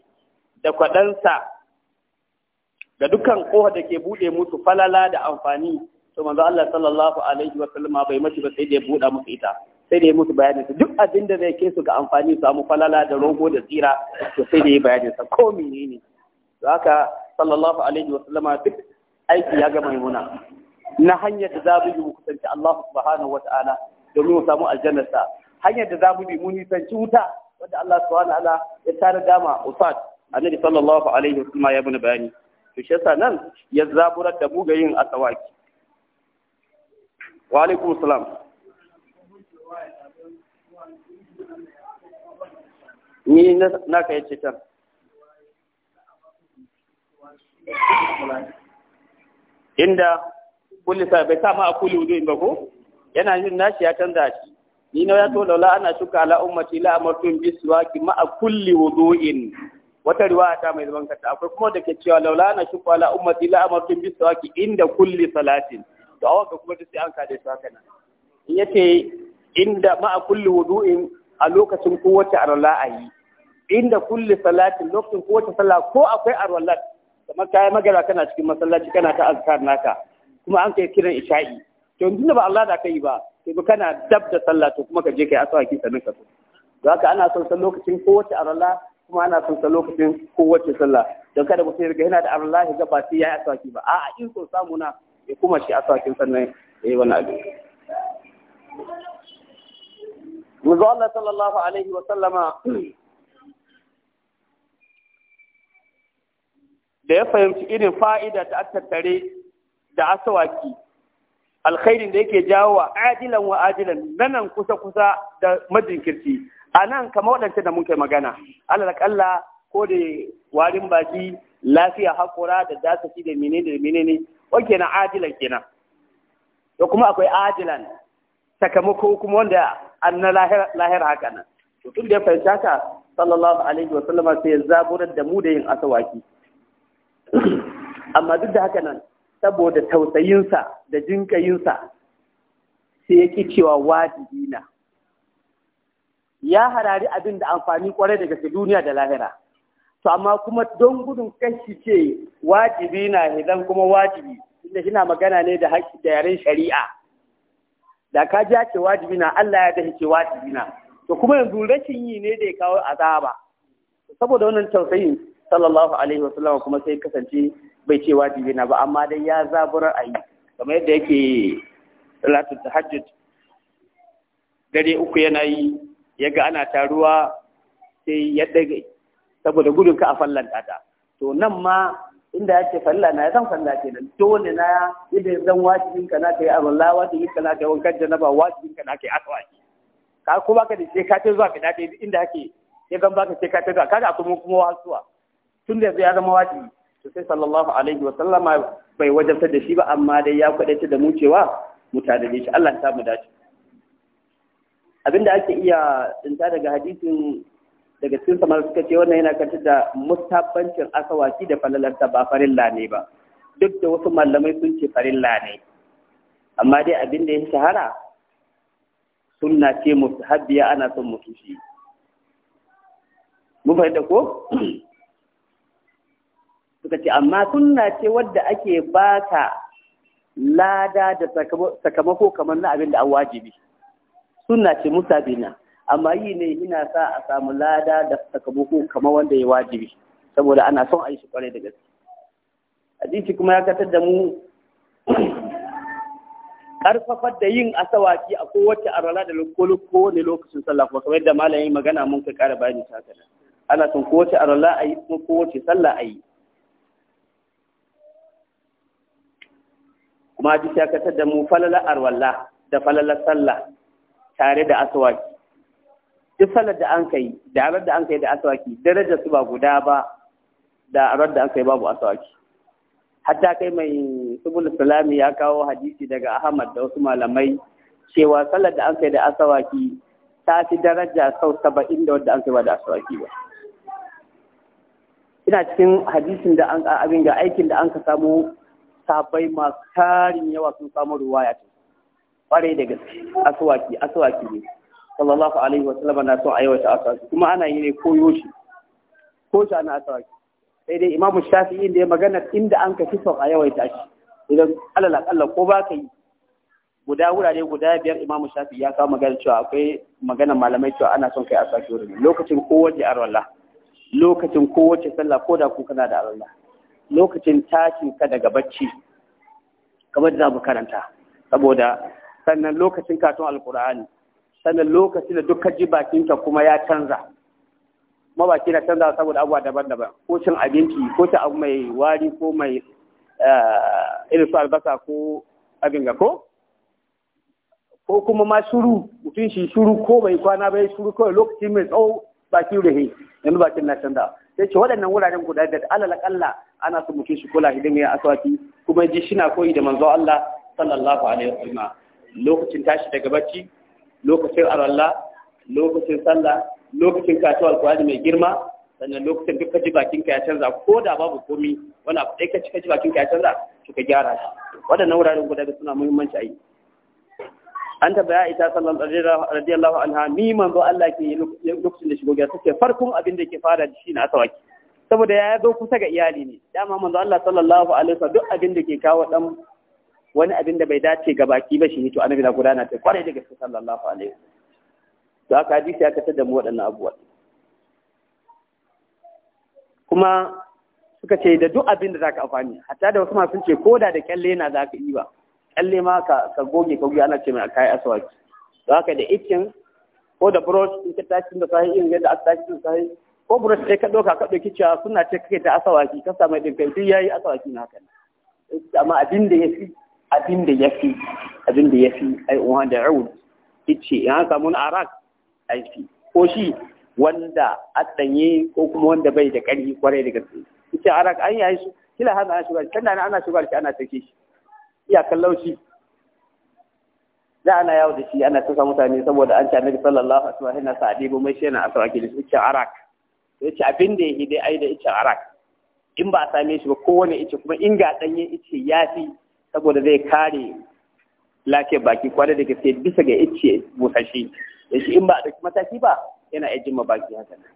da kwadansa ga dukkan kohar da ke bude musu falala da amfani to manzo Allah sallallahu alaihi wa sallam bai mashi ba sai da ya buɗa musu ita sai da ya musu bayanin su duk abin da zai kai su ga amfani su samu falala da rogo da tsira to sai da ya bayanin sa ko menene to haka sallallahu alaihi wa sallama duk
aiki ya ga maimuna
na hanyar da za mu yi mu kusanci Allah subhanahu wa ta'ala domin mu samu aljannarsa hanyar da za mu bi mu nisanci wuta wanda Allah subhanahu wa ta'ala ya tare dama usad annabi sallallahu alaihi wa sallama ya bani bayani to shi yasa nan ya zaburar da mu ga yin asawaki wa alaikum ni na ka inda kulli sa bai sa ma a kulli wudu ba ko yana yin nashi ya canza shi ni na ya to laula ana shuka ala ummati la amartum biswaki ma a kulli wudu'in wata riwaya ta mai zaman kanta akwai kuma da ke cewa laula ana shuka ala ummati la amartum biswaki inda kulli salatin to a wanka kuma duk sai an kaɗe su haka nan in yace inda ma'a kulli wudu'in a lokacin kowace arwala a yi inda kulli salatin lokacin kowace sallah ko akwai arwala kamar kayan magana kana cikin masallaci kana ta azkar naka kuma an kai kiran isha'i to yanzu ba Allah da kai ba sai ba kana dab da sallah to kuma ka je kai ki sanin ka to haka ana son san lokacin kowace arwala kuma ana son san lokacin kowace sallah don kada mutum ya yana da arwala ya ga ba sai ya yi asawaki ba a'a in so samu na ya kuma shi sakin sannan ya yi wani abin Muzo Allah sallallahu alaihi wa sallama da ya fahimci irin fa'ida ta tattare da asawaki alkhairin da yake jawo wa adilan wa adilan nanan kusa kusa da majinkirci a nan kama waɗancan da muke magana alalakalla ko da warin baki lafiya haƙura da dasashi da menene da menene wani kenan ajilan kenan da kuma akwai ajilan sakamako kuma wanda an na lahira haka nan to tun da ya fahimci haka sallallahu alaihi wa sallama sai ya zaburar da mu da yin asawaki amma duk da haka nan saboda tausayinsa da jinkayinsa sai ya ki cewa wajibi na ya harari abin da amfani kwarai daga duniya da lahira to amma kuma don gudun kashi ce wajibi na hidan kuma wajibi inda shi na magana ne da da yaren shari'a da ka ja ce wajibi na Allah ya dace wajibi na to kuma yanzu rashin yi ne da ya kawo azaba saboda wannan tausayin sallallahu alaihi wasallam kuma sai kasance bai ce wajibi na ba amma dai ya zaburar a yi kamar yadda yake salatu tahajjud dare uku yana yi yaga ana taruwa sai ya dage saboda gudun ka a fallanta ta to nan ma inda ya ce falla na ya san falla ke nan dole na idan zan wajibin ka na kai aballa wajibin ka na kai wankan janaba wajibin ka na kai aswaki ka kuma baka da shi ka ta zuwa ka dace inda ake ya gan baka sai ka ta zuwa kaga kuma kuma wasuwa tun da ya zama wajibi to sai sallallahu alaihi wa sallama bai wajabta da shi ba amma dai ya kwadace da mu cewa mutane ne shi Allah ya mu dace abinda ake iya tsinta daga hadisin daga cikin samar suka ce wannan yana kantar da musabbancin asawaki da falalarta ba farilla ne ba duk da wasu malamai sun ce farilla ne amma dai abin da ya shahara sunna ce mustahabbiya ana son mutu shi mun fahimta ko suka ce amma sunna ce wadda ake ta lada da sakamako kamar na abin da an wajibi sunna ce musabina amma yi ne ina sa a samu lada da sakamako kamar wanda ya wajibi saboda ana son a yi shi kwarai da gaske hadisi kuma ya katar da mu karfafar da yin asawaki a kowace arwala da kowane lokacin sallah kuma kamar yadda malam magana mun ka kara bayani ta kana ana son kowace arwala a yi kuma kowace sallah a yi kuma hadisi ya katar da mu falala arwala da falalar sallah tare da asawaki duk salar da an kai da arar da an kai da asawaki daraja su ba guda ba da arar da an kai babu asawaki hatta kai mai subul salami ya kawo hadisi daga ahmad da wasu malamai cewa salar da an kai da asawaki ta fi daraja sau saba'in da wadda an kai ba da asawaki ba ina cikin hadisin da an abin ga aikin da an ka samu sabai masu tarin yawa sun samu ruwaya kwarai da gaske asawaki asawaki ne sallallahu alaihi wa sallam na son aiwata asawaki kuma ana yi ne koyo shi ko shi ana asawaki sai dai imam shafi'i da ya magana inda an ka fi son a yawaita shi idan alal akalla ko ba ka yi guda wurare guda biyar imamu Shafi'i ya kawo magana cewa akwai magana malamai cewa ana son kai a sake wurin lokacin kowace arwallah lokacin kowace sallah ko da ku kana da arwallah lokacin tashin ka daga bacci kamar da mu karanta saboda sannan lokacin katon alkur'ani sannan lokacin da duk ji bakinka kuma ya canza mabaki na canza saboda abuwa daban-daban ko cin abinci ko ta abu mai wari ko mai eh, irin su albasa ko abin ga ko ko kuma ma shuru mutum shi shuru ko bai kwana bai shuru kawai lokaci mai tsawo baki rahe yanzu bakin na canza sai ce waɗannan wuraren guda da alal akalla ana so mutum shi kula hidin ya asuwaki kuma ji shi na koyi da manzo Allah sallallahu alaihi wasallam lokacin tashi daga bacci lokacin aralla lokacin sallah lokacin kato alkurani mai girma sannan lokacin duk kaji bakin ka ya canza ko da babu komi wani abu ɗaya kaji kaji bakin ka ya canza to ka gyara shi waɗannan wuraren guda da suna muhimmanci a yi an tabbaya ita sallan radiyallahu anha mi manzo Allah ke lokacin da shigo gida take farkon abin da ke fara da shi na asawaki saboda ya zo kusa ga iyali ne dama manzo Allah sallallahu alaihi wasallam duk abin da ke kawo dan wani abin da bai dace ga baki ba shi to annabi na gudana ta kwarai da gaske sallallahu alaihi to aka hadisi aka tada mu waɗannan abubuwa kuma suka ce da duk abin da zaka afani hatta da wasu masu ce koda da kyalle na zaka yi ba kyalle ma ka ka goge ka goge ana ce mai kai aswaki to aka da ikin ko da brush in ka tashi da sahi in yadda aka tashi da sahi ko brush sai ka doka ka doki cewa suna ce kake ta asawaki ka samu din kai duk yayi asawaki na haka amma abin da yafi abin da fi, abin da fi, ai uwa da raud yace in an samu arak ai fi ko shi wanda addanye ko kuma wanda bai da ƙarfi kwarai da gaske yace arak an yi su kila hana ana shugar kan ana shugar shi ana take shi iya kallon shi da ana yawo da shi ana tsaka mutane saboda an ci annabi sallallahu alaihi wasallam yana sa'adi bu mai shi yana asawa ke da shi arak yace abin da yake dai ai da ice arak in ba a same shi ba kowane ice kuma in ga danye ice yafi saboda zai kare lafiya baki kwada da gaske bisa ga ice busashi da shi in ba a ɗauki mataki ba yana iya jima baki haka nan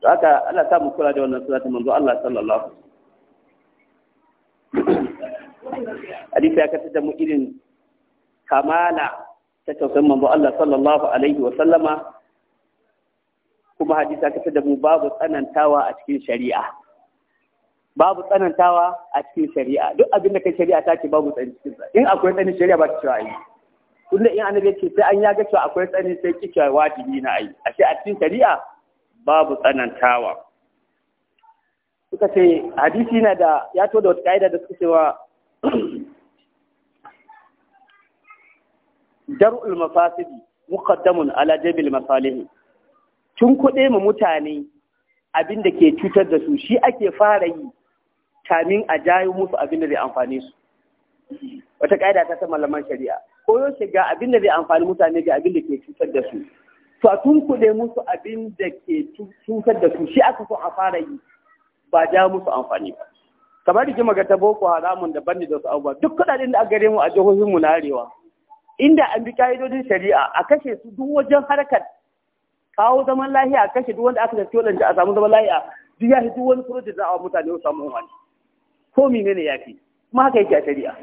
to haka Allah ta mu kula da wannan ta manzo Allah sallallahu alaihi
wasallam
hadisi ya kasance mu irin kamala ta tausayin manzo Allah sallallahu alaihi wa sallama kuma hadisi ya da mu babu tsanantawa a cikin shari'a babu tsanantawa a cikin shari'a duk abin da kai shari'a ta ce babu tsanin cikin sa in akwai tsanin shari'a ba ta cewa ai tun da in an ce sai an ya ga cewa akwai tsanin sai ki cewa wajibi na ai ce a cikin shari'a babu tsanantawa suka ce hadisi na da ya to da wata ka'ida da suka cewa dar'ul mafasidi muqaddamun ala jabil masalih tun kuɗe mu mutane abin da ke cutar da su shi ake fara yi kamin a jayo musu abin da zai amfani su wata ƙa'ida ta ta malaman shari'a koyo shiga abin da zai amfani mutane ga abin da ke cutar da su to a tunkuɗe musu abin da ke cutar da su shi aka so a fara yi ba ja musu amfani ba kamar da kima ga ta boko haramun da banni da su abubuwa duk kuɗaɗen da aka gare mu a jihohin mu na arewa inda an bi ka'idodin shari'a a kashe su duk wajen harkar kawo zaman lahiya a kashe duk wanda aka tafi a samu zaman lahiya duk ya duk wani da za a mutane su samu wani ko menene fi? kuma haka yake a shari'a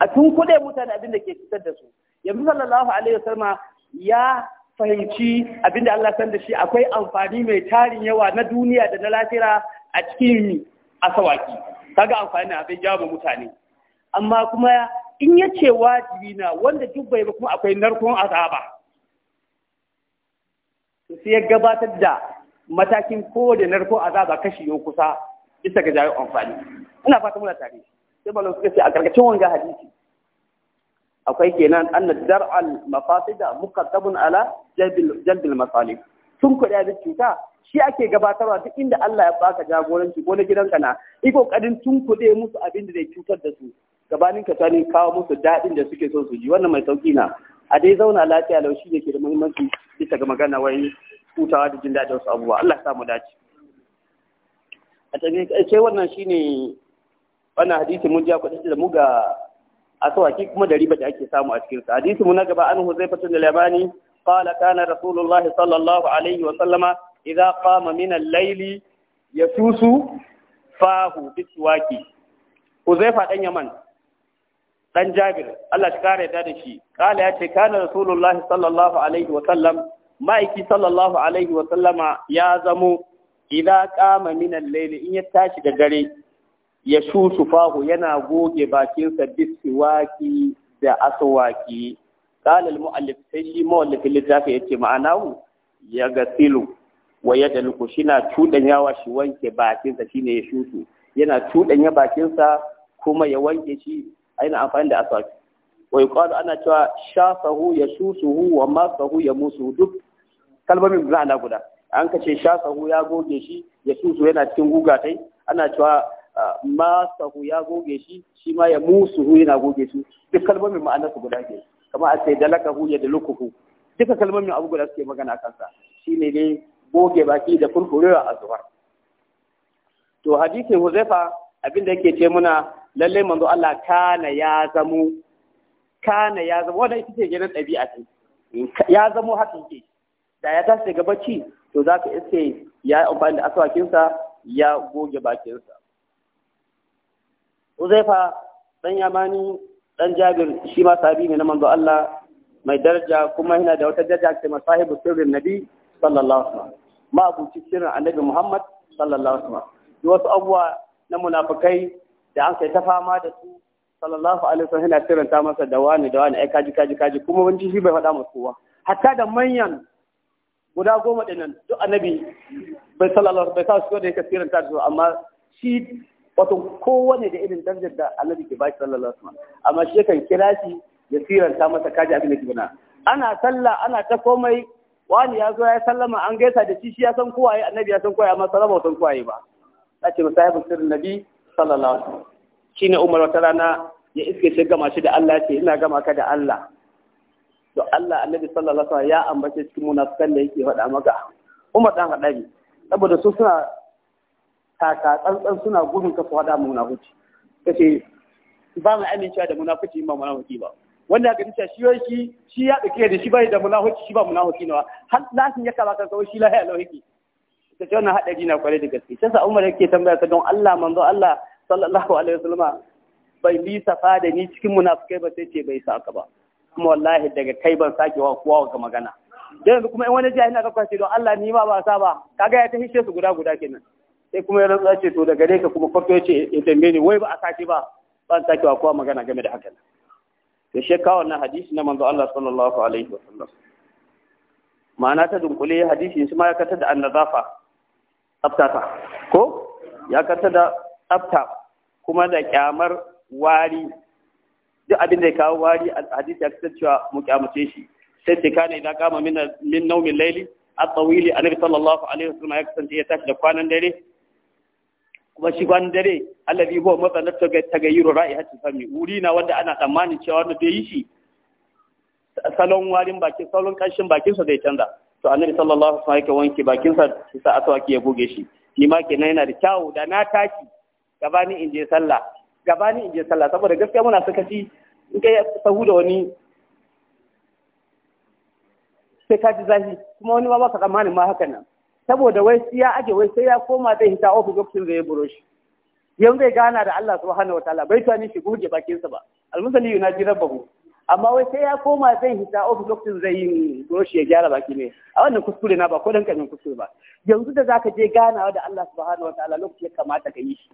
a tun kuɗe mutane abin da ke fitar da su yanzu sallallahu alaihi wasallam ya fahimci abin da Allah san da shi akwai amfani mai tarin yawa na duniya da na lafira a cikin asawaki kaga amfani abin jawo mutane amma kuma in ya ce wajibi na wanda duk bai ba kuma akwai narkon azaba sai ya gabatar da matakin ko da narkon azaba kashi yau kusa bisa ga jawo amfani ina fata muna tare sai malam suka ce a karkashin wanga hadisi akwai kenan anna dar'al mafasida muqaddabun ala jalbil jalbil masalih sun kuɗa da cuta shi ake gabatarwa duk inda Allah ya baka jagoranci ko na gidanka na iko kokarin tun kuɗe musu abin da zai cutar da su gabanin ka tani kawo musu daɗin da suke so su ji wannan mai sauki na a dai zauna lafiya laushi ne ke da muhimmanci bisa ga magana wai hutawa da jin daɗin wasu abubuwa Allah ya samu dace a tabi sai wannan ne. wannan hadisi mun ja kwadin da mu ga asawaki kuma da riba da ake samu a cikin sa hadisi mun gaba an huzaifa da labani qala kana rasulullah sallallahu alaihi wa sallama idza qama min al-layli yasusu fahu biswaki huzaifa dan yaman dan jabir Allah shi kare da shi qala ya ce kana rasulullah sallallahu alaihi wa sallam ma'aiki sallallahu alaihi wa sallama ya zamo idza qama min al-layl in ya tashi da dare ya shushu fahu yana goge bakin sa waki da aswaki qala al-muallif sai shi muallif littafi yace hu ya gasilu wa yadluku shina cudanyawa shi wanke bakin sa shine ya shushu yana cudanya bakin sa kuma ya wanke shi aina amfani da aswaki wa yuqalu ana cewa shafahu yashusuhu wa masahu yamusu duk kalmomin ma'ana guda an kace sha sahu ya goge shi ya susu yana cikin tai ana cewa ah, ma sahu ya goge shi shi ma ya musuhu yana goge su duk kalmomin ma'anar su guda ke kamar a sai hu ya dalukuhu duka kalmomin abu guda suke magana a kansa shine ne goge baki da furfurewa a zuwa. to hadisin huzaifa da yake ce muna lalle manzo Allah kana ya zamo kana ya zamo wannan ita ce gidan ɗabi'a ce ya zamo haka yake da ya tashi daga bacci to za ka iske ya yi amfani da asawakinsa ya goge bakinsa uzaifa ɗan yamani ɗan jabir shi ma sabi ne na manzo Allah mai daraja kuma yana da wata daraja ce masahibu sirrin nabi sallallahu alaihi wasallam ma abuci sirrin annabi Muhammad sallallahu alaihi wasallam wasu abubuwa na munafukai da an kai ta fama da su sallallahu alaihi wasallam yana sirrin ta masa da wani da wani ai kaji kaji kaji kuma wani shi bai faɗa masa kowa hatta da manyan guda goma ɗin nan duk annabi bai sallallahu bai sa su da yake tsirin ta su amma shi wato kowane da irin darajar da annabi ke ba shi sallallahu alaihi wasallam amma shi kan kira shi ya siranta masa kaji abin da gina ana sallah ana ta komai wani ya zo ya sallama an gaisa da shi shi ya san kowaye annabi ya san kowaye amma sallama san kowaye ba ta ce masa yabin sirrin nabi sallallahu alaihi wasallam shine umar wata rana ya iske shi gama shi da Allah ce ina gama ka da Allah to Allah annabi sallallahu alaihi wasallam ya ambace cikin munafikan da yake faɗa maka Umar dan Hadabi saboda su suna taka tsantsan suna gudun ka faɗa munafiki kace ba mu amincewa da munafiki ba munafiki ba wanda ga dace shi wai shi shi ya dake da shi bai da munafiki shi ba munafiki ne har lasin ya kaba kan kawai shi lahiya lauki ta ce wannan haɗari na kware da gaske sai sa Umar yake tambaya ta don Allah manzo Allah sallallahu alaihi wasallam bai lisa fa da ni cikin munafikai ba sai ce bai saka ba kuma wallahi daga kai ban sake wa kowa ga magana dan kuma in wani jahili ina kwace don Allah ni ma ba sa ba kaga ya ta hishe su guda guda kenan sai kuma ya rantsa ce to daga ne ka kuma kwato ce ya tambaye ni wai ba a sake ba ban sake wa kowa magana game da haka to shi kawo wannan hadisi na manzo Allah sallallahu alaihi wa sallam ma'ana ta dunkule hadisi shi ma ya kata da annazafa tsafta ko ya kata da tsafta kuma da kyamar wari duk abin da ya kawo wari a hadisi ya kasance cewa mu kyamace shi sai ce kana idan kama min min naumin laili at-tawili annabi sallallahu alaihi wasallam ya kasance ya tashi da kwanan dare kuma shi kwanan dare allazi huwa matsalar tagayyuru ra'ihati fami wuri na wanda ana tsammanin cewa wanda bai yi shi salon warin bakin salon kanshin bakinsa zai canza to annabi sallallahu alaihi wasallam yake wanke bakinsa sa aswaki ya goge shi Ni ma kenan yana da kyawu da na tashi gabanin in je sallah gabani in je sallah saboda gaskiya muna sakaci in kai sahu da wani sai ka ji zafi kuma wani ma baka tsammanin ma haka nan saboda wai sai ya aje wai sai ya koma zai hita ofis lokacin da ya buro shi yau zai gana da Allah subhanahu wataala bai ni shi goge bakin sa ba almusali yunaji rabbahu amma wai sai ya koma zai hita ofis lokacin zai yi buro shi ya gyara baki ne a wannan kuskure na ba ko dan kanin kuskure ba yanzu da zaka je ganawa da Allah subhanahu wataala lokacin ya kamata ka yi shi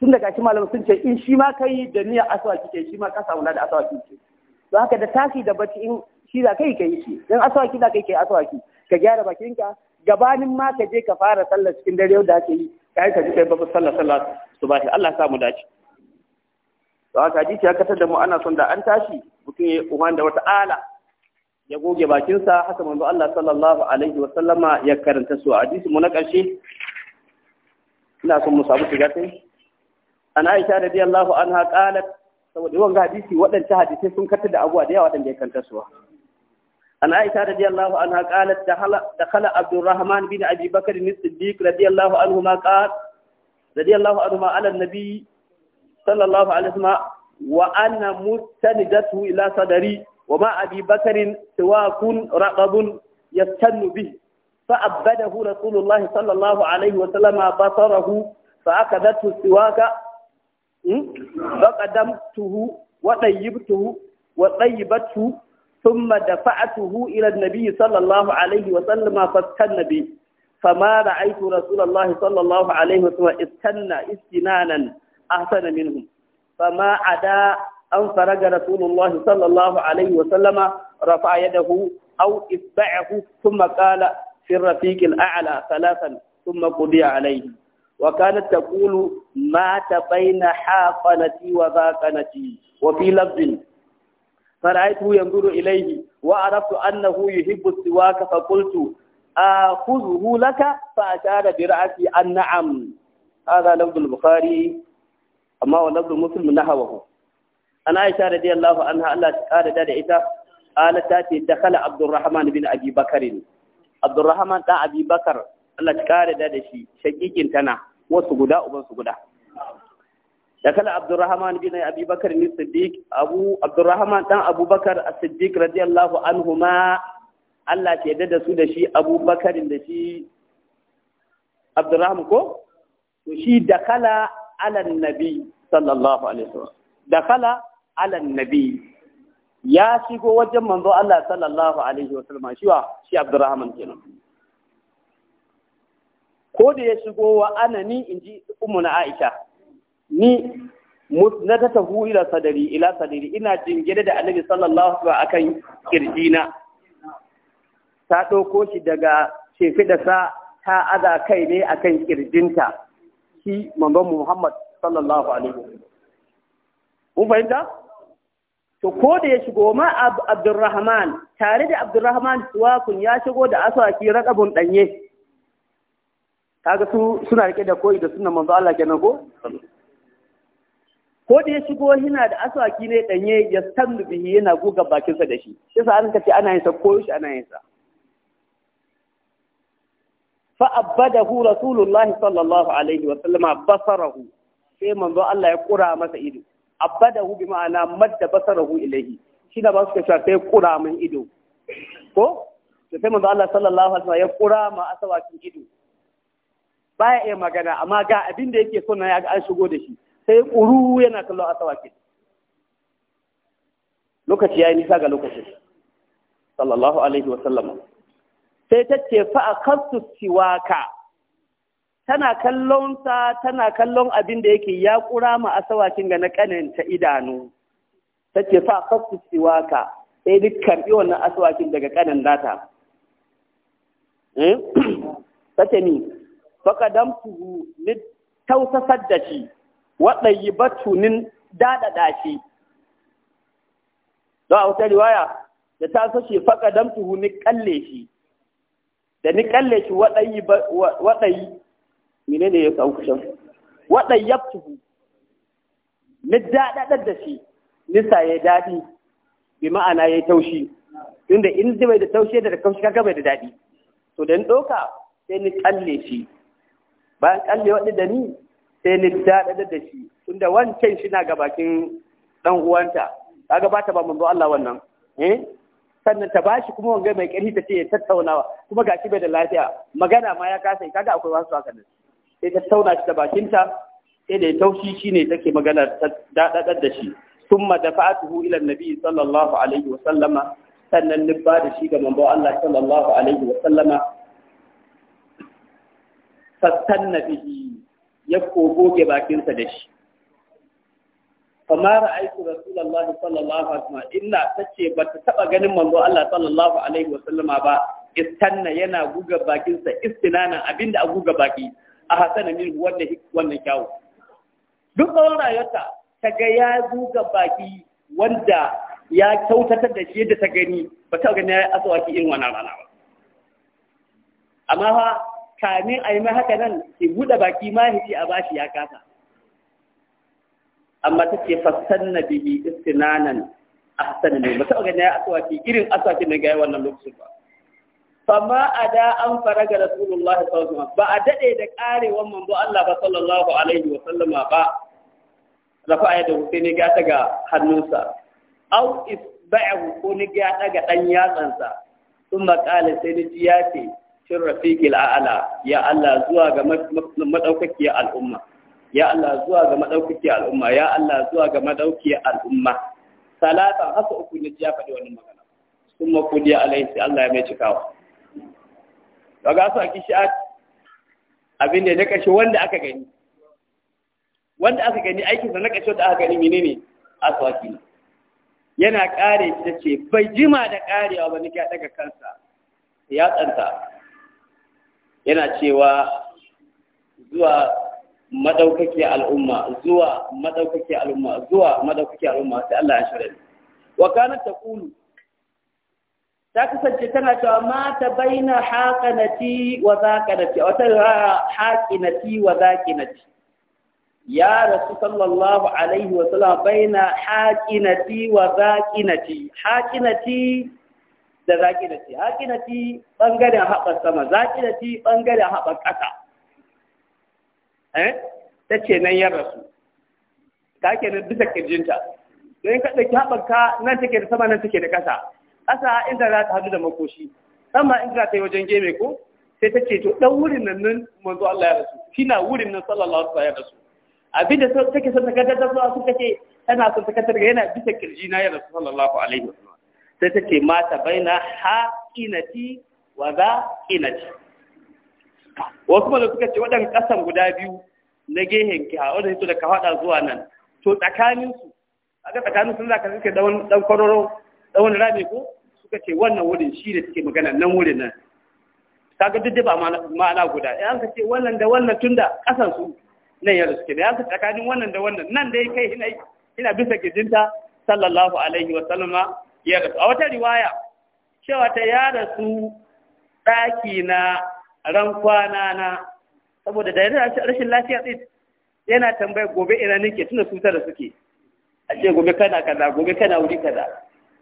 tun daga shi malam sun ce in shi ma kai da niyyar asawaki ke shi ma ka samu da asawaki ke To haka da tashi da bacci in shi za kai kai shi dan asawaki za kai kai asawaki ka gyara bakinka gabanin ma ka je ka fara sallar cikin dare yau da ake yi kai yi ka ji kai babu sallar sallar shi Allah samu dace To haka ji ya katar da mu ana son da an tashi mutum ya uwan da wata ala ya goge bakinsa haka manzo Allah sallallahu alaihi wa sallama ya karanta su a hadisi mu na ƙarshe ina son mu samu shiga kai an aisha da radiyallahu anha qalat saboda yawan hadisi waɗancan hadisai sun katta da abuwa da yawa waɗanda ya kanta suwa an aisha da an anha Da dakhala abdurrahman bin abi bakr bin siddiq radiyallahu anhu ma qala radiyallahu anhu ma ala nabi sallallahu alaihi wasallam wa ana mustanidatu ila sadari wa ma abi bakr siwakun raqabun yastannu bihi فأبده رسول الله صلى الله عليه وسلم بصره فأخذته السواك فقدمته وطيبته وطيبته ثم دفعته إلى النبي صلى الله عليه وسلم فاستنى به فما رأيت رسول الله صلى الله عليه وسلم استنى استنانا أحسن منهم فما عدا أن فرج رسول الله صلى الله عليه وسلم رفع يده أو إتبعه ثم قال في الرفيق الأعلى ثلاثا ثم قضي عليه وكانت تقول مات بين حاقنتي وباقنتي وفي لفظ فرأيته ينظر إليه وعرفت أنه يحب السواك فقلت آخذه لك فأشار برأسي أن نعم هذا لفظ البخاري أما هو لفظ مسلم نحوه أنا عائشة رضي الله عنها الله قال ذلك قالت تاتي دخل عبد الرحمن بن أبي بكر عبد الرحمن بن أبي بكر Allah ta kare da da shi shakikin tana wasu guda uban su guda da kala abdurrahman bin Abubakar ni siddiq abu abdurrahman dan abubakar as-siddiq radiyallahu anhuma Allah ke da su da shi abubakar da shi abdurrahman ko to shi da kala ala nabi sallallahu alaihi wasallam da kala ala nabi ya shigo wajen manzo Allah sallallahu alaihi wasallam shi wa shi abdurrahman kenan ko da ya shigo wa ana ni in ji umu na aisha ni na ta tahu ila sadari ila sadari ina jingire da annabi sallallahu alaihi wasallam akan kirjina ta ɗauko shi daga shefi da sa ta aza kai ne akan kirjinta shi mamban muhammad sallallahu alaihi wasallam mun fahimta to ko da ya shigo ma abdurrahman tare da abdurrahman suwakun ya shigo da aswaki raƙabun ɗanye kaga su suna rike da koyi da sunan manzo Allah kenan ko ko da ya shigo hina da aswaki ne danye ya sandu bihi yana guga bakinsa da shi sai sa an kace ana yin sa koyo shi ana yin sa fa abadahu rasulullah sallallahu alaihi wa sallama basarahu sai manzo Allah ya kura masa ido abadahu bi ma'ana madda basarahu ilaihi shi da ba su kace sai kura min ido ko sai manzo Allah sallallahu alaihi wa sallama ya kura ma aswakin ido baya iya magana amma ga abin da yake so na ya ga an shigo da shi sai ƙuru yana kallon asawakin lokaci ya yi nisa ga lokacin sallallahu alaihi wasallam sai ta ce fa a kastu siwaka tana kallon sa tana kallon abin da yake ya kura ma asawakin ga na kananta idanu ta ce fa a kastu siwaka sai duk karbi wannan asawakin daga kanan data
eh?
ta ce ni faƙadamtuhu ni tausasar da shi waɗai yi batunin daɗaɗa shi don a wata riwaya da ta so shi faƙadamtuhu ni ƙalle shi da ni ƙalle shi waɗayi mine ne ya ƙaukushin waɗayi ya fuhu ni daɗaɗar da shi nisa ya daɗi bi ma'ana ya yi taushi inda in bai da taushi da kaushi kaga bai da daɗi to da ni ɗauka sai ni ƙalle shi bayan kalle wadda da ni sai ni daɗaɗa da shi tunda wancan shi na gabakin ɗan uwanta kaga ba ta ba manzo Allah wannan eh? sannan ta bashi kuma wanga mai ƙarfi ta ce ya tattaunawa kuma ga shi bai da lafiya magana ma ya kasa kaga akwai wasu haka nan sai ta shi da bakinta sai da ya taushi ne take magana ta daɗaɗar da shi ثم دفعته إلى النبي صلى الله عليه وسلم sannan ni ba da shi ga manzo Allah sallallahu alaihi wa sallama fastanna bihi ya ke bakinsa da shi Kamar ra'aytu rasulullah sallallahu alaihi wasallam illa ba bata taba ganin manzo Allah sallallahu alaihi wasallama ba istanna yana guga bakinsa istinanan abinda a guga baki a hasana min wanda wannan kyawu duk tsawon rayuwarta ta ga ya guga baki wanda ya kyautatar da shi yadda ta gani ba ta gani ya asawaki irin wannan rana ba amma fa kamin a yi mai haka nan ke buɗe baki mahici a bashi ya kasa amma ta ce fassan na bihi istinanan ahsan ne ba taɓa ganin ya asuwaki irin aswakin da gaya wannan lokacin ba fama a da an fara ga rasulullahi sallallahu ba a daɗe da ƙarewan manzo Allah ba sallallahu alaihi wa sallama ba rafa ayat da Hussein ya ta ga hannunsa au isba'ahu ko ni ga daga dan yatsansa sun maƙala sai ni ji ya ce cin rafiqil a'ala ya Allah zuwa ga madaukakiyar al'umma ya Allah zuwa ga madaukakiyar al'umma ya Allah zuwa ga madaukakiyar al'umma salatan haka uku ne ya faɗi wannan magana kuma kudi alaihi Allah ya mai cikawa daga su a kishi abin da na kashe wanda aka gani wanda aka gani aikinsa na kashe da aka gani menene aswaki yana kare shi ta ce bai jima da karewa ba ka daga kansa ya tsanta yana cewa zuwa madaukake al'umma zuwa madaukake al'umma zuwa madaukake al'umma sai Allah ya shirya wa kana taqulu ta kasance tana cewa mata baina haqanati wa wa wata haqinati wa zaqinati ya rasu sallallahu alaihi wa sallam baina haqinati wa zaqinati haqinati da zaƙinati ci ɓangaren haɓar sama ci ɓangaren haɓar ƙasa eh ta ce nan ya rasu ta ke nan bisa kirjinta don ka ɗauki haɓar ka nan take da sama nan take da ƙasa ƙasa inda za ta haɗu da makoshi sama inda za ta yi wajen geme ko sai ta ce to ɗan wurin nan nan manzo Allah ya rasu shi na wurin nan sallallahu alaihi wasallam ya rasu Abin ta take son ta kaddar da suka ke tana son ta kaddar yana bisa kirji na ya rasu sallallahu alaihi wasallam sai ta mata baina ha inati wa za inati wasu mana suka ce waɗanda ƙasan guda biyu na gehen ki a wadda hito da ka faɗa zuwa nan to tsakaninsu aga tsakanin sun zaka suke da wani dan kororo da wani rami ko suka ce wannan wurin shi da suke magana nan wurin nan kaga duk da ba ma'ana guda an ka ce wannan da wannan tunda ƙasan su nan ya suke da yanzu tsakanin wannan da wannan nan dai kai ina ina bisa kijinta sallallahu alaihi wa sallama ya rasu a wata riwaya cewa ta ya rasu ɗaki na ran kwana na saboda da yana rashin lafiya tsit yana tambaya gobe ina nake tuna cutar da suke a ce gobe kana kaza gobe kana wuri kaza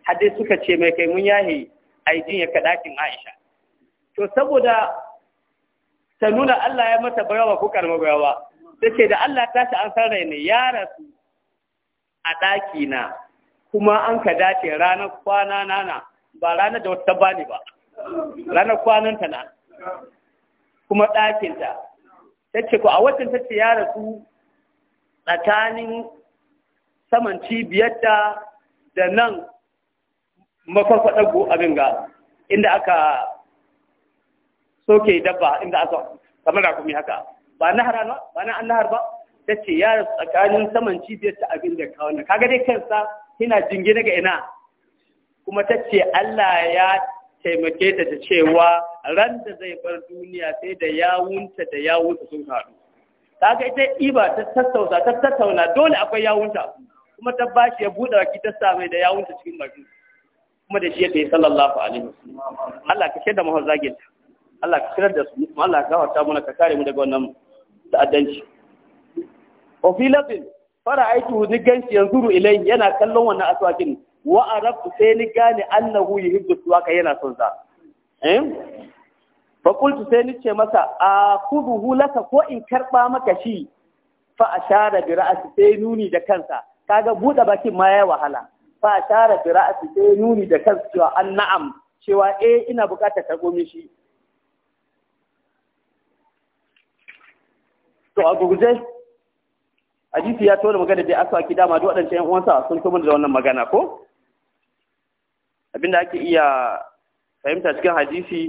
har suka ce mai kai mun yahe aijin ya ka ɗakin Aisha to saboda ta nuna Allah ya mata bayawa ko karma bayawa take da Allah ta ta an sarrai ne ya rasu a ɗaki na kuma an ka dace ranar kwana nana ba ranar da wata bani ba
ranar kwanan
ta na kuma ɗakinta ta ce ko a watan ta ce ya rasu tsakanin saman cibiyarta da nan makwarkwaɗar go abin ga inda aka soke dabba inda aka kamar da kuma haka ba na har ba ba na an nahar ba ta ce ya rasu tsakanin saman cibiyarta abin da kawo na kaga dai kansa tana jingina ga ina kuma ta ce Allah ya taimake ta ta cewa ran da zai bar duniya sai da yawunta da yawunta sun haɗu ta ga ita iba ta tattauna, ta tattauna dole akwai yawunta kuma ta bashi ya buɗe baki ta same da yawunta cikin baki kuma da shi ya yi sallallahu alaihi wasallam Allah ka shaida mahar zagin Allah ka kirar da su Allah ka gafarta mana ka kare mu daga wannan ta'addanci wa fi fara aitu ni ganshi ru ilai yana kallon wannan aswakin wa arabtu sai ni gane annahu yuhibbu suwaka yana son sa eh fa sai ni ce masa a kuduhu laka ko in karba maka shi fa ashara bi ra'si sai nuni da kansa kaga buɗe bakin ma yayi wahala fa ashara bi ra'si sai nuni da kansa cewa an na'am cewa eh ina bukatar karbo shi to a guguje hadisi ya tona magana da aswaki dama duk waɗancan ƴan uwansa sun kuma da wannan magana ko abinda ake iya fahimta cikin hadisi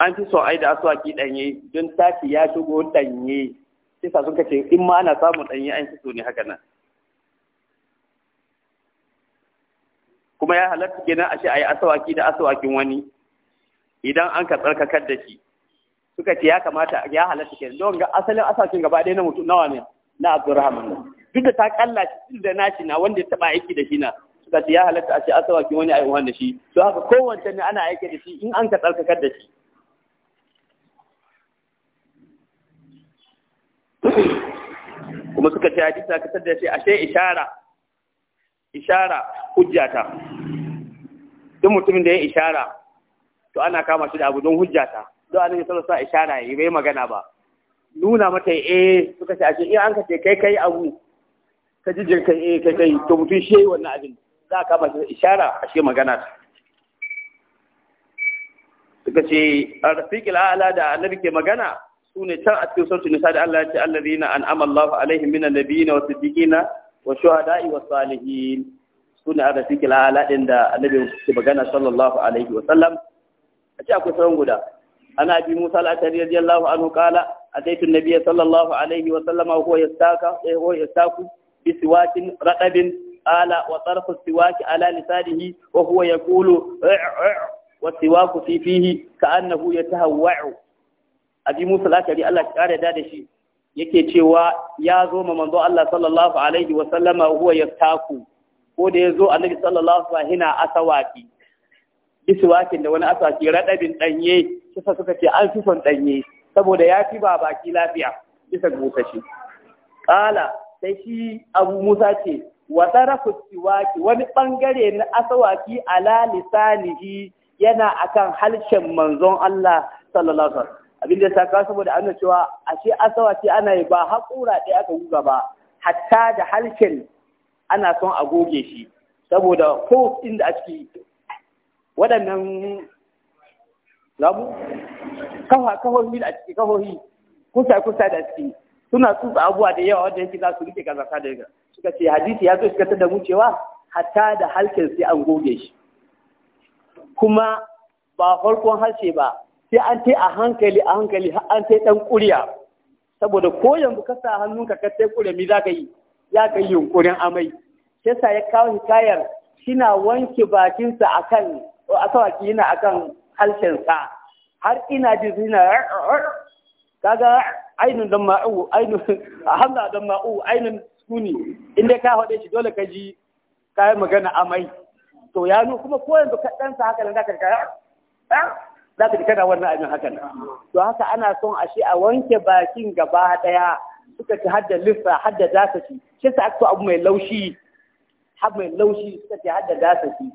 an fi so ai da aswaki danye don taki ya shigo sai kisa sun kace in ma ana samun danye an fi so ne haka nan kuma ya halatta kenan ashe ayi aswaki da aswakin wani idan an ka tsarkakar da shi suka ce ya kamata ya halatta kenan don ga asalin asashen gaba ɗaya na mutum nawa ne na Abdurrahman duk da ta kalla shi da shi na wanda ya taba aiki da shi na suka ce ya halatta a ce asawaki wani ayi wanda shi To haka kowace ne ana aiki da shi in an ka tsarkakar da shi kuma suka ce hadisi ka tada shi ashe ishara ishara hujjata duk mutumin da ya ishara to ana kama shi da abu don hujjata don annabi sallallahu alaihi wasallam ishara yi bai magana ba nuna mata eh suka ce ashe in an ka ce kai kai abu ka ji kai eh kai kai to mutum shi yayi wannan abin za ka ba shi ishara ashe magana suka ce al a'la da annabi ke magana su ne can a cikin sautin nisa da Allah ya ce allazina an'ama Allah alaihim minan na wasu jikina wa shuhada'i wa salihin su ne arfiqil a'la din da annabi ke magana sallallahu alaihi wa sallam a ce akwai sauran guda عن أبي موسى الأشعري رضي الله عنه قال أتيت النبي صلى الله عليه وسلم وهو يستاك وهو يستاك بسواك رقب قال وطرف السواك على لسانه وهو يقول والسواك في فيه كأنه يتهوع أبي موسى الأشعري الله قال داد شيء yake cewa ya zo ma manzo Allah sallallahu alaihi wa sallama huwa yaftaku ko da ya zo annabi sallallahu alaihi wa yana asawaki wakin da wani asaki raɗaɗin ɗanye kisa suka ce an fi son ɗanye saboda ya fi ba baki lafiya bisa shi. ƙala sai shi abu musa ce wa taraku siwaki wani ɓangare na asawaki ala lisanihi yana akan halshen manzon Allah sallallahu alaihi abin da saka saboda an cewa ashe asawaki ana yi ba haƙura ɗaya aka guga ba hatta da halshen ana son a goge shi saboda ko inda a ciki waɗannan labu kahohi da ciki kahohi kusa kusa da ciki suna tsutsa abuwa da yawa wanda yake za su rike kazaka da yawa suka ce hadisi ya zo suka tada mu cewa hatta da halkin sai an goge shi kuma ba farkon harshe ba sai an yi a hankali a hankali har an yi ɗan kuriya saboda ko yanzu ka sa hannunka ka tai kuriya mi za ka yi ya ka yi yunkurin amai sai ya kawo hikayar Sina wanke bakinsa akan A asawaki yana kan harshensa har ina jin yana kaga ainihin don ma'u ainun hamza don ma'u ainun sukuni inda ka haɗe shi dole ka ji kayan magana amai to ya nu kuma ko yanzu ka dan sa haka nan zaka ka za ka ji kana wannan abin haka nan to haka ana son a shi a wanke bakin gaba ɗaya, suka ci hadda lissa hadda dasa shi shi sa aka abu mai laushi har mai laushi suka ci hadda dasa ci.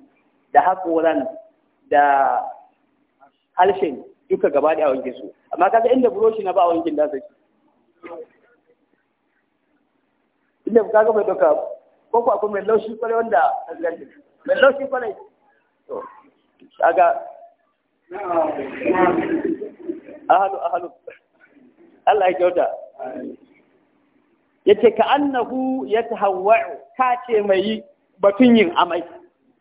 da haƙoran da harshen duka gaba da a wanke su amma ga inda buroshi na ba a wankin da sai inda ka ga mai doka ko ko akwai mai laushi kwarai wanda mai laushi kwarai to kaga ahalu ahalu Allah ya kyauta yace ka annahu yatahawwa'u ka ce mai batun yin amai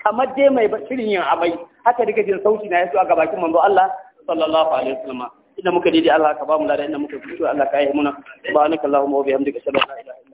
kamar dai mai shirin yin amai haka daga jin sauti na yaso a gabakin manzo Allah sallallahu alaihi wasallam idan muka
dide Allah ka ba mu lada inda muka fito Allah ka yi muna subhanakallahumma wa bihamdika shallallahu alaihi